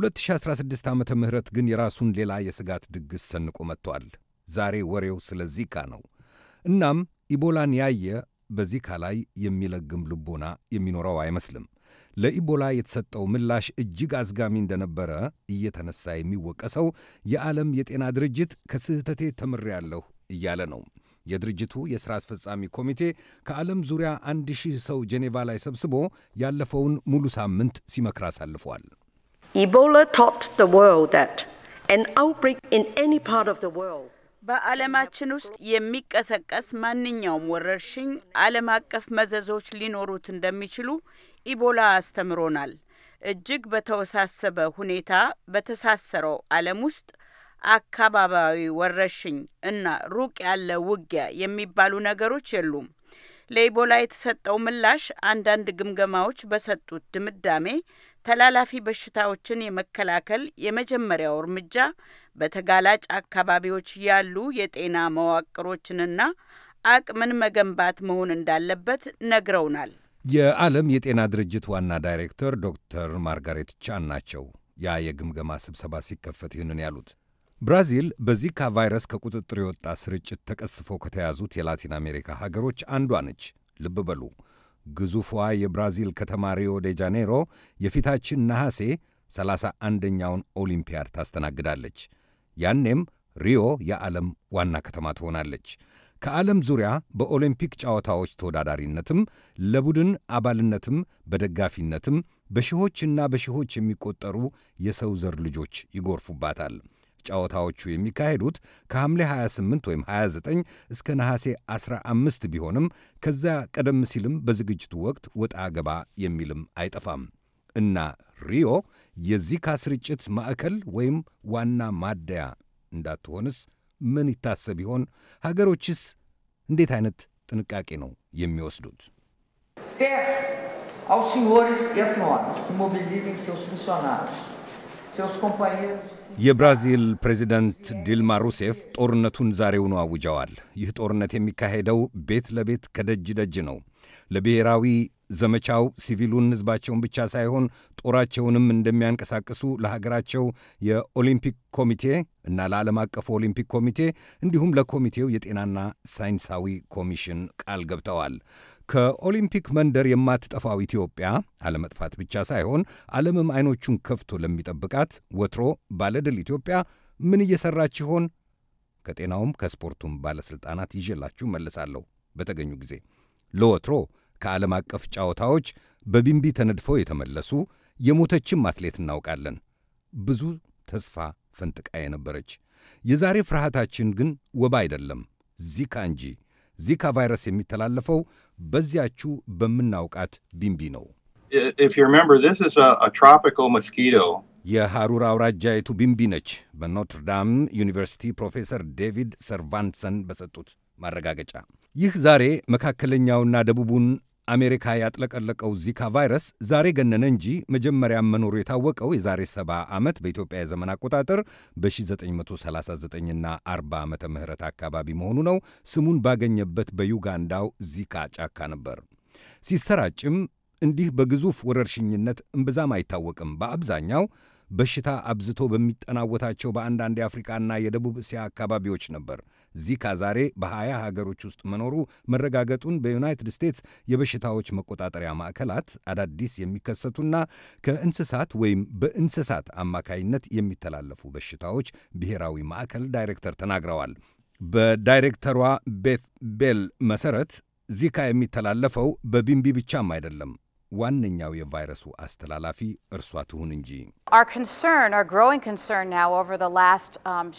2016 ዓመተ ምህረት ግን የራሱን ሌላ የስጋት ድግስ ሰንቆ መጥቷል። ዛሬ ወሬው ስለ ዚካ ነው። እናም ኢቦላን ያየ በዚካ ላይ የሚለግም ልቦና የሚኖረው አይመስልም። ለኢቦላ የተሰጠው ምላሽ እጅግ አዝጋሚ እንደነበረ እየተነሳ የሚወቀሰው የዓለም የጤና ድርጅት ከስህተቴ ተምሬያለሁ እያለ ነው። የድርጅቱ የሥራ አስፈጻሚ ኮሚቴ ከዓለም ዙሪያ አንድ ሺህ ሰው ጄኔቫ ላይ ሰብስቦ ያለፈውን ሙሉ ሳምንት ሲመክር አሳልፏል። ኢቦላ በዓለማችን ውስጥ የሚቀሰቀስ ማንኛውም ወረርሽኝ ዓለም አቀፍ መዘዞች ሊኖሩት እንደሚችሉ ኢቦላ አስተምሮናል። እጅግ በተወሳሰበ ሁኔታ በተሳሰረው ዓለም ውስጥ አካባቢያዊ ወረርሽኝ እና ሩቅ ያለ ውጊያ የሚባሉ ነገሮች የሉም። ለኢቦላ የተሰጠው ምላሽ አንዳንድ ግምገማዎች በሰጡት ድምዳሜ ተላላፊ በሽታዎችን የመከላከል የመጀመሪያው እርምጃ በተጋላጭ አካባቢዎች ያሉ የጤና መዋቅሮችንና አቅምን መገንባት መሆን እንዳለበት ነግረውናል። የዓለም የጤና ድርጅት ዋና ዳይሬክተር ዶክተር ማርጋሬት ቻን ናቸው ያ የግምገማ ስብሰባ ሲከፈት ይህንን ያሉት። ብራዚል በዚካ ቫይረስ ከቁጥጥር የወጣ ስርጭት ተቀስፈው ከተያዙት የላቲን አሜሪካ ሀገሮች አንዷ ነች። ልብ በሉ ግዙፏ የብራዚል ከተማ ሪዮ ዴ ጃኔሮ የፊታችን ነሐሴ 31 አንደኛውን ኦሊምፒያድ ታስተናግዳለች። ያኔም ሪዮ የዓለም ዋና ከተማ ትሆናለች። ከዓለም ዙሪያ በኦሊምፒክ ጨዋታዎች ተወዳዳሪነትም ለቡድን አባልነትም በደጋፊነትም በሺዎችና በሺዎች የሚቆጠሩ የሰው ዘር ልጆች ይጎርፉባታል። ጨዋታዎቹ የሚካሄዱት ከሐምሌ 28 ወይም 29 እስከ ነሐሴ 15 ቢሆንም ከዚያ ቀደም ሲልም በዝግጅቱ ወቅት ወጣ ገባ የሚልም አይጠፋም እና ሪዮ የዚካ ስርጭት ማዕከል ወይም ዋና ማደያ እንዳትሆንስ ምን ይታሰብ ይሆን? ሀገሮችስ እንዴት አይነት ጥንቃቄ ነው የሚወስዱት? aos senhores e as senhoras que የብራዚል ፕሬዚደንት ዲልማ ሩሴፍ ጦርነቱን ዛሬውኑ አውጀዋል። ይህ ጦርነት የሚካሄደው ቤት ለቤት ከደጅ ደጅ ነው። ለብሔራዊ ዘመቻው ሲቪሉን ሕዝባቸውን ብቻ ሳይሆን ጦራቸውንም እንደሚያንቀሳቅሱ ለሀገራቸው የኦሊምፒክ ኮሚቴ እና ለዓለም አቀፉ ኦሊምፒክ ኮሚቴ እንዲሁም ለኮሚቴው የጤናና ሳይንሳዊ ኮሚሽን ቃል ገብተዋል። ከኦሊምፒክ መንደር የማትጠፋው ኢትዮጵያ አለመጥፋት ብቻ ሳይሆን ዓለምም አይኖቹን ከፍቶ ለሚጠብቃት ወትሮ ባለድል ኢትዮጵያ ምን እየሰራች ይሆን? ከጤናውም ከስፖርቱም ባለሥልጣናት ይዤላችሁ መለሳለሁ በተገኙ ጊዜ ለወትሮ ከዓለም አቀፍ ጨዋታዎች በቢምቢ ተነድፈው የተመለሱ የሞተችም አትሌት እናውቃለን። ብዙ ተስፋ ፈንጥቃ የነበረች። የዛሬ ፍርሃታችን ግን ወባ አይደለም፣ ዚካ እንጂ። ዚካ ቫይረስ የሚተላለፈው በዚያችሁ በምናውቃት ቢምቢ ነው። የሐሩር አውራጃይቱ ቢምቢ ነች። በኖትርዳም ዩኒቨርሲቲ ፕሮፌሰር ዴቪድ ሰርቫንሰን በሰጡት ማረጋገጫ ይህ ዛሬ መካከለኛውና ደቡቡን አሜሪካ ያጥለቀለቀው ዚካ ቫይረስ ዛሬ ገነነ እንጂ መጀመሪያም መኖሩ የታወቀው የዛሬ 70 ዓመት በኢትዮጵያ የዘመን አቆጣጠር በ1939ና 40 ዓመተ ምህረት አካባቢ መሆኑ ነው። ስሙን ባገኘበት በዩጋንዳው ዚካ ጫካ ነበር። ሲሰራጭም እንዲህ በግዙፍ ወረርሽኝነት እምብዛም አይታወቅም። በአብዛኛው በሽታ አብዝቶ በሚጠናወታቸው በአንዳንድ የአፍሪቃና የደቡብ እስያ አካባቢዎች ነበር። ዚካ ዛሬ በሀያ ሀገሮች ውስጥ መኖሩ መረጋገጡን በዩናይትድ ስቴትስ የበሽታዎች መቆጣጠሪያ ማዕከላት አዳዲስ የሚከሰቱና ከእንስሳት ወይም በእንስሳት አማካይነት የሚተላለፉ በሽታዎች ብሔራዊ ማዕከል ዳይሬክተር ተናግረዋል። በዳይሬክተሯ ቤት ቤል መሰረት ዚካ የሚተላለፈው በቢምቢ ብቻም አይደለም። ዋነኛው የቫይረሱ አስተላላፊ እርሷ ትሁን እንጂ። um,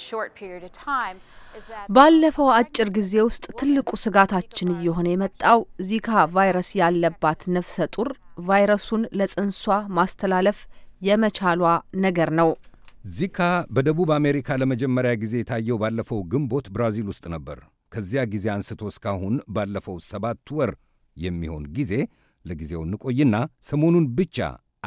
ባለፈው አጭር ጊዜ ውስጥ ትልቁ ስጋታችን እየሆነ የመጣው ዚካ ቫይረስ ያለባት ነፍሰ ጡር ቫይረሱን ለጽንሷ ማስተላለፍ የመቻሏ ነገር ነው። ዚካ በደቡብ አሜሪካ ለመጀመሪያ ጊዜ የታየው ባለፈው ግንቦት ብራዚል ውስጥ ነበር። ከዚያ ጊዜ አንስቶ እስካሁን ባለፈው ሰባት ወር የሚሆን ጊዜ ለጊዜው እንቆይና ሰሞኑን ብቻ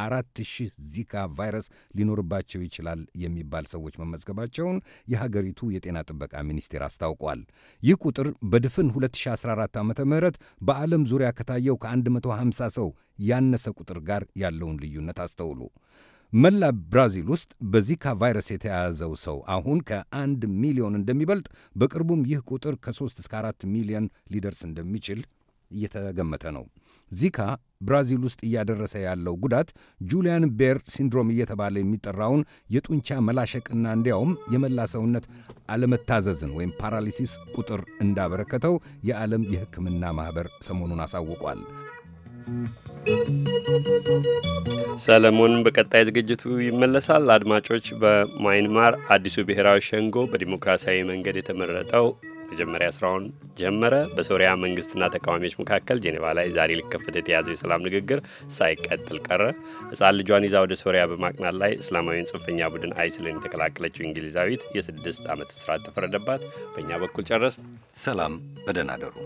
አራት ሺህ ዚካ ቫይረስ ሊኖርባቸው ይችላል የሚባል ሰዎች መመዝገባቸውን የሀገሪቱ የጤና ጥበቃ ሚኒስቴር አስታውቋል። ይህ ቁጥር በድፍን 2014 ዓ ም በዓለም ዙሪያ ከታየው ከ150 ሰው ያነሰ ቁጥር ጋር ያለውን ልዩነት አስተውሉ። መላ ብራዚል ውስጥ በዚካ ቫይረስ የተያዘው ሰው አሁን ከአንድ ሚሊዮን እንደሚበልጥ በቅርቡም ይህ ቁጥር ከ3 እስከ 4 ሚሊዮን ሊደርስ እንደሚችል እየተገመተ ነው። ዚካ ብራዚል ውስጥ እያደረሰ ያለው ጉዳት ጁሊያን ቤር ሲንድሮም እየተባለ የሚጠራውን የጡንቻ መላሸቅና እንዲያውም የመላ ሰውነት አለመታዘዝን ወይም ፓራሊሲስ ቁጥር እንዳበረከተው የዓለም የሕክምና ማኅበር ሰሞኑን አሳውቋል። ሰለሞን በቀጣይ ዝግጅቱ ይመለሳል። አድማጮች፣ በማይንማር አዲሱ ብሔራዊ ሸንጎ በዲሞክራሲያዊ መንገድ የተመረጠው መጀመሪያ ስራውን ጀመረ። በሶሪያ መንግስትና ተቃዋሚዎች መካከል ጄኔቫ ላይ ዛሬ ሊከፈት የተያዘው የሰላም ንግግር ሳይቀጥል ቀረ። ህፃን ልጇን ይዛ ወደ ሶሪያ በማቅናት ላይ እስላማዊን ጽንፈኛ ቡድን አይስልን የተቀላቀለችው እንግሊዛዊት የስድስት ዓመት እስራት ተፈረደባት። በእኛ በኩል ጨረስ። ሰላም፣ በደህና አደሩ።